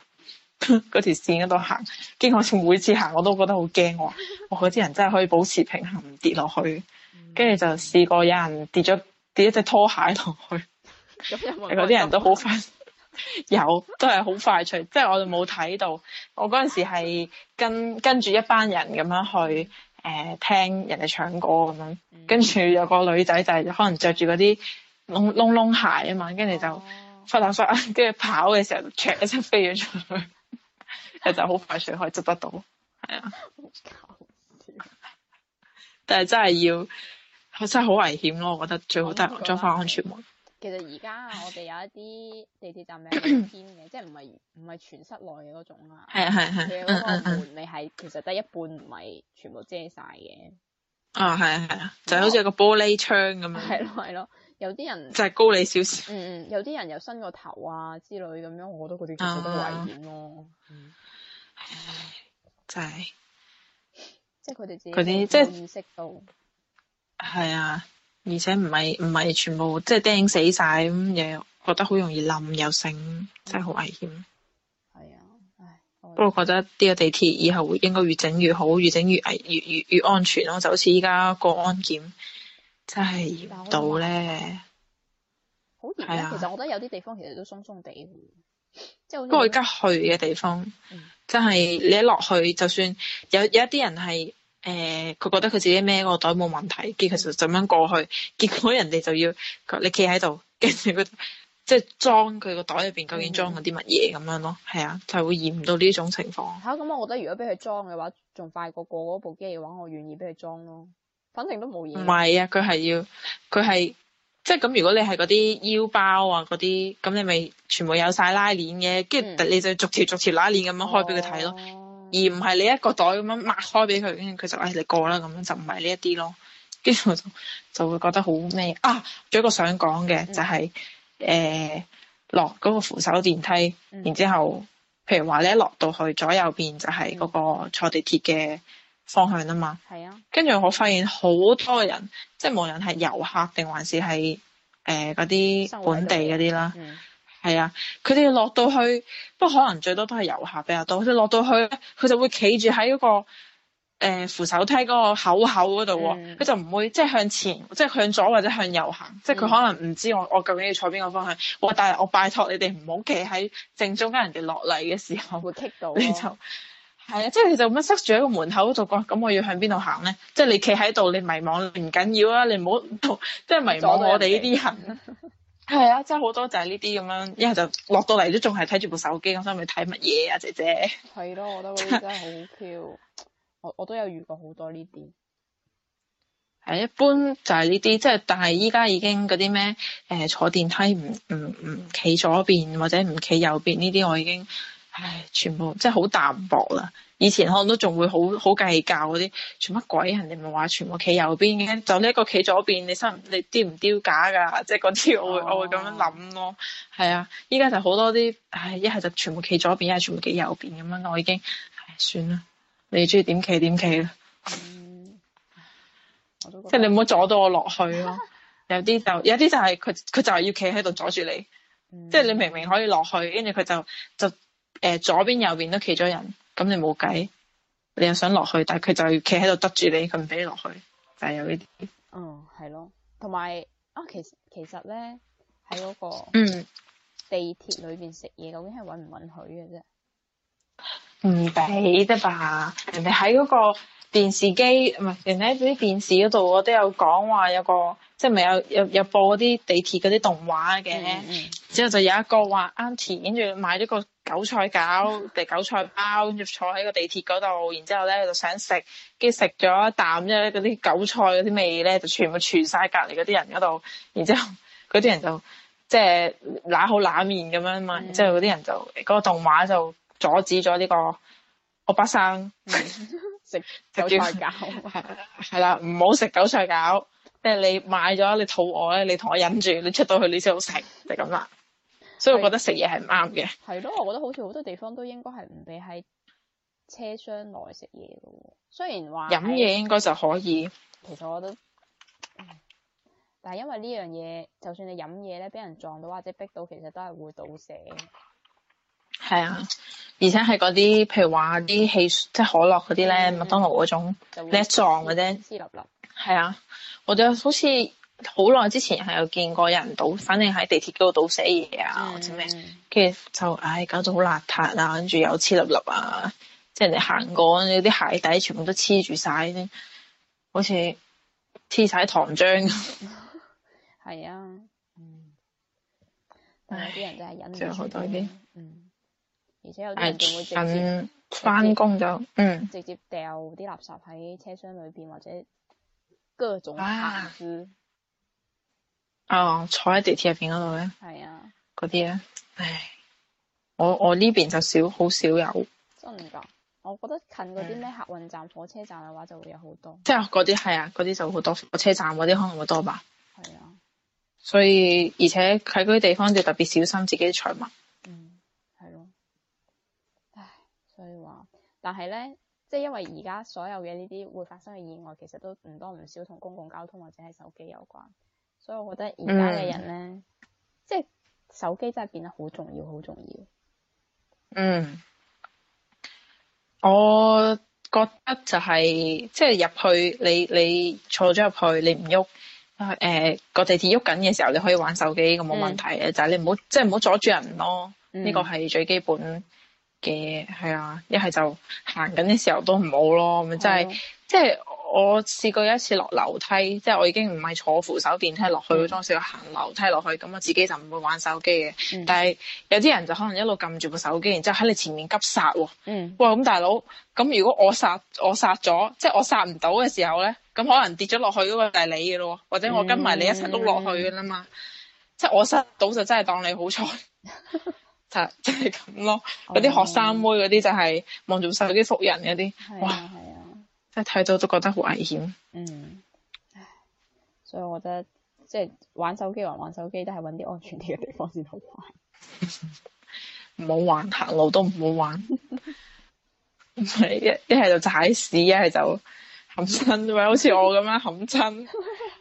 嗰 條線嗰度行，結果每次行我都覺得好驚喎！我嗰啲人真係可以保持平衡，唔跌落去，跟住 就試過有人跌咗，跌一隻拖鞋落去，嗰啲、嗯嗯、 人都好 快有都係好快脆，即係我哋冇睇到。我嗰陣時係跟跟住一班人咁樣去誒、呃、聽人哋唱歌咁樣，嗯、跟住有個女仔就係、是、可能着住嗰啲窿窿窿鞋啊嘛，跟住就發達發達，跟住跑嘅時候，尺一聲飛咗出去。 其實好快，水可以執得到，係啊。搞但係真係要，真係好危險咯。我覺得最好都係裝返安全門。其實而家我哋有一啲地鐵站係偏嘅，即係唔係唔係全室內嘅嗰種啊。係啊係係。嘅一半你係其實得一半，唔係全部遮晒嘅。啊係啊係啊，就好似個玻璃窗咁樣。係咯係咯，有啲人就係高你少少。嗯嗯，有啲人又伸個頭啊之類咁樣，我覺得嗰啲其實都危險咯。唉，真係、就是，們即係佢哋自己意識到，係啊，而且唔係唔係全部即係釘死晒咁，又覺得好容易冧又醒，嗯、真係好危險。係啊，唉，不過覺得呢個地鐵以後應該越整越好，越整越危越越越，越安全咯，就、嗯、好似依家過安檢真係到咧，啊、好嚴啊！其實我覺得有啲地方其實都鬆鬆地，即係不過而家去嘅地方。嗯真係你一落去，就算有有一啲人係誒，佢、呃、覺得佢自己孭個袋冇問題，結其實就咁樣過去，結果人哋就要你企喺度，跟住佢即係裝佢個袋入邊究竟裝咗啲乜嘢咁樣咯，係啊，就會驗唔到呢種情況。嚇、啊，咁我覺得如果俾佢裝嘅話，仲快過過嗰部機嘅話，我願意俾佢裝咯。反正都冇嘢。唔係啊，佢係要佢係。即係咁，如果你係嗰啲腰包啊嗰啲，咁你咪全部有晒拉鏈嘅，跟住你就逐條逐條拉鏈咁樣開俾佢睇咯，嗯、而唔係你一個袋咁樣擘開俾佢，跟住佢就誒、哎、你過啦咁樣，就唔係呢一啲咯。跟住我就就會覺得好咩啊？仲有一個想講嘅、嗯、就係誒落嗰個扶手電梯，嗯、然之後譬如話你一落到去左右邊就係嗰個坐地鐵嘅。方向啊嘛，係啊。跟住我發現好多人，即係無論係遊客定還是係誒嗰啲本地嗰啲啦，係、嗯、啊。佢哋落到去，不過可能最多都係遊客比較多。佢落到去，佢就會企住喺嗰個、呃、扶手梯嗰個口口嗰度喎。佢、嗯、就唔會即係向前，即係向左或者向右行。即係佢可能唔知我、嗯、我究竟要坐邊個方向。我但係我拜託你哋唔好企喺正中間，人哋落嚟嘅時候會踢到你就。 係啊，即係、嗯就是、你就咁樣塞住喺個門口度講，咁我要向邊度行咧？即、就、係、是、你企喺度，你迷茫，唔緊要啊！你唔好即係迷茫我哋呢啲人。係 啊，即係好多就係呢啲咁樣，一係就落到嚟都仲係睇住部手機咁，想問睇乜嘢啊，姐姐？係咯，我覺得佢真係好 Q 我。我我都有遇過好多呢啲。係一般就係呢啲，即係但係依家已經嗰啲咩誒坐電梯唔唔唔企左邊或者唔企右邊呢啲，我已經。唉，全部即係好淡薄啦。以前可能都仲會好好計較嗰啲，做乜鬼？人哋咪話全部企右邊嘅，就呢一個企左邊，你失你丟唔丟架㗎？即係嗰啲我會我會咁樣諗咯。係、哦、啊，依家就好多啲，唉，一係就全部企左邊，一係全部企右邊咁樣。我已經唉算啦，你中意點企點企啦。我即係你唔好阻到我落去咯。有啲就有啲就係佢佢就係要企喺度阻住你，即係、嗯嗯、你明，明明可以落去，跟住佢就就。就就就就就就就誒、呃、左邊右邊都企咗人，咁你冇計，你又想落去，但係佢就企喺度得住你，佢唔俾你落去，就係、是、有呢啲。嗯，係咯，同埋啊，其實其實咧喺嗰個嗯地鐵裏邊食嘢，究竟係允唔允許嘅啫？唔俾得吧？人哋喺嗰個電視機唔係人哋喺啲電視嗰度，我都有講話有個即係咪有有有播嗰啲地鐵嗰啲動畫嘅？嗯、之後就有一個話 Auntie 跟住買咗個。韭菜餃定係韭菜包，跟住坐喺個地鐵嗰度，然之後咧就想食，跟住食咗一啖，因為嗰啲韭菜嗰啲味咧就全部傳晒隔籬嗰啲人嗰度，然之後嗰啲人就即係拉好拉麵咁樣嘛，然之後嗰啲人就嗰、那個動畫就阻止咗呢、這個阿、這個、北生食 韭菜餃，係啦， 唔好食韭菜餃，即係 你買咗你肚餓咧，你同我忍住，你出到去你先好食，就咁、是、啦。所以我覺得食嘢係唔啱嘅。係咯，我覺得好似好多地方都應該係唔俾喺車廂內食嘢咯。雖然話飲嘢應該就可以。其實我覺得、嗯。但係因為呢樣嘢，就算你飲嘢咧，俾人撞到或者逼到，其實都係會倒瀉。係啊，而且係嗰啲，譬如話啲汽水，即係可樂嗰啲咧，麥當勞嗰種，你一撞嘅啫，黐立立。係啊，我就好似。好耐之前係有見過有人倒，反正喺地鐵嗰度倒瀉嘢啊，或者咩，跟住就唉、哎、搞到好邋遢啊，跟住又黐粒粒啊，即係人哋行過有啲鞋底全部都黐住晒，好似黐晒糖漿咁。係啊，嗯，但係啲人就係忍唔住。仲有好多啲，嗯，而且有啲人仲會直接翻工就、嗯、直接掉啲垃、垃圾喺車廂裏邊或者各種廁 Oh, 啊！坐喺地鐵入邊嗰度咧，係啊，嗰啲咧，唉，我我呢邊就少，好少有。真唔覺，我覺得近嗰啲咩客運站、嗯、火車站嘅話，就會有好多。即係嗰啲係啊，嗰啲就好多火車站嗰啲可能會多吧。係啊，所以而且喺嗰啲地方就要特別小心自己財物。嗯，係咯、啊，唉，所以話，但係咧，即係因為而家所有嘅呢啲會發生嘅意外，其實都唔多唔少同公共交通或者係手機有關。所以我覺得而家嘅人咧，即係、嗯、手機真係變得好重要，好重要。嗯，我覺得就係即係入去你你坐咗入去你唔喐，誒，個地鐵喐緊嘅時候，你可以玩手機，咁冇問題嘅、嗯。就係你唔好即係唔好阻住人咯，呢個係最基本嘅，係啊。一係就行緊嘅時候都唔好咯，咪真係即係。嗯，就是我試過有一次落樓梯，即係我已經唔係坐扶手電梯落去，當時要行樓梯落去，咁我自己就唔會玩手機嘅。但係有啲人就可能一路撳住部手機，然之後喺你前面急殺喎。嗯。喂！咁大佬，咁如果我殺我殺咗，即係我殺唔到嘅時候咧，咁可能跌咗落去嗰個就係你嘅咯，或者我跟埋你一齊碌落去嘅啦嘛。即係我殺到就真係當你好彩，就即係咁咯。嗰啲學生妹嗰啲就係望住手機服人嗰啲，哇！即係睇到都覺得好危險，嗯，所以我覺得即係玩手機還玩，玩手機，都係搵啲安全啲嘅地方先好玩。唔好 玩，行路都唔好玩，唔係 一一係就踩屎，一係就冚親，咪好似我咁樣冚親。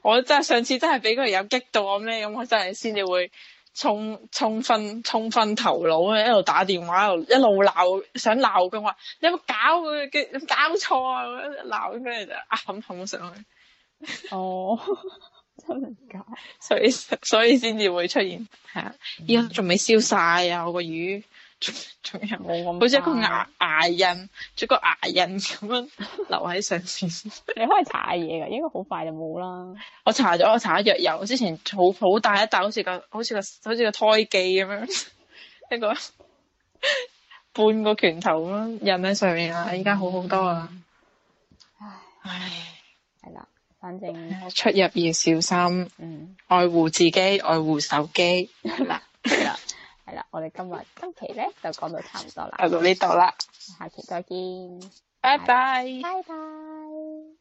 我真係上次真係俾個人有激到我咩咁，我真係先至會。沖沖昏沖昏頭腦啊！一路打電話，一路鬧，想鬧佢話有冇搞嘅嘅搞錯啊！鬧跟住就掹掹上去。哦、 oh,，真係假？所以所以先至會出現係啊！依家仲未燒晒啊！我個魚。仲有冇咁？好似一個牙牙印，一個牙印咁樣留喺上邊。 你可以查嘢噶，應該好快就冇啦。 我查咗，我搽咗藥油，之前好好大一笪，好似個好似個好似個胎記咁樣，一個半個拳頭咁樣印喺上面啊！依家 好好多啦。唉，係啦，反正、okay. 出入要小心，嗯、愛護自己，愛護手機。係啦，係啦。係啦，我哋今日今期咧就講到差唔多啦，去到呢度啦，下期再見，拜拜，拜拜。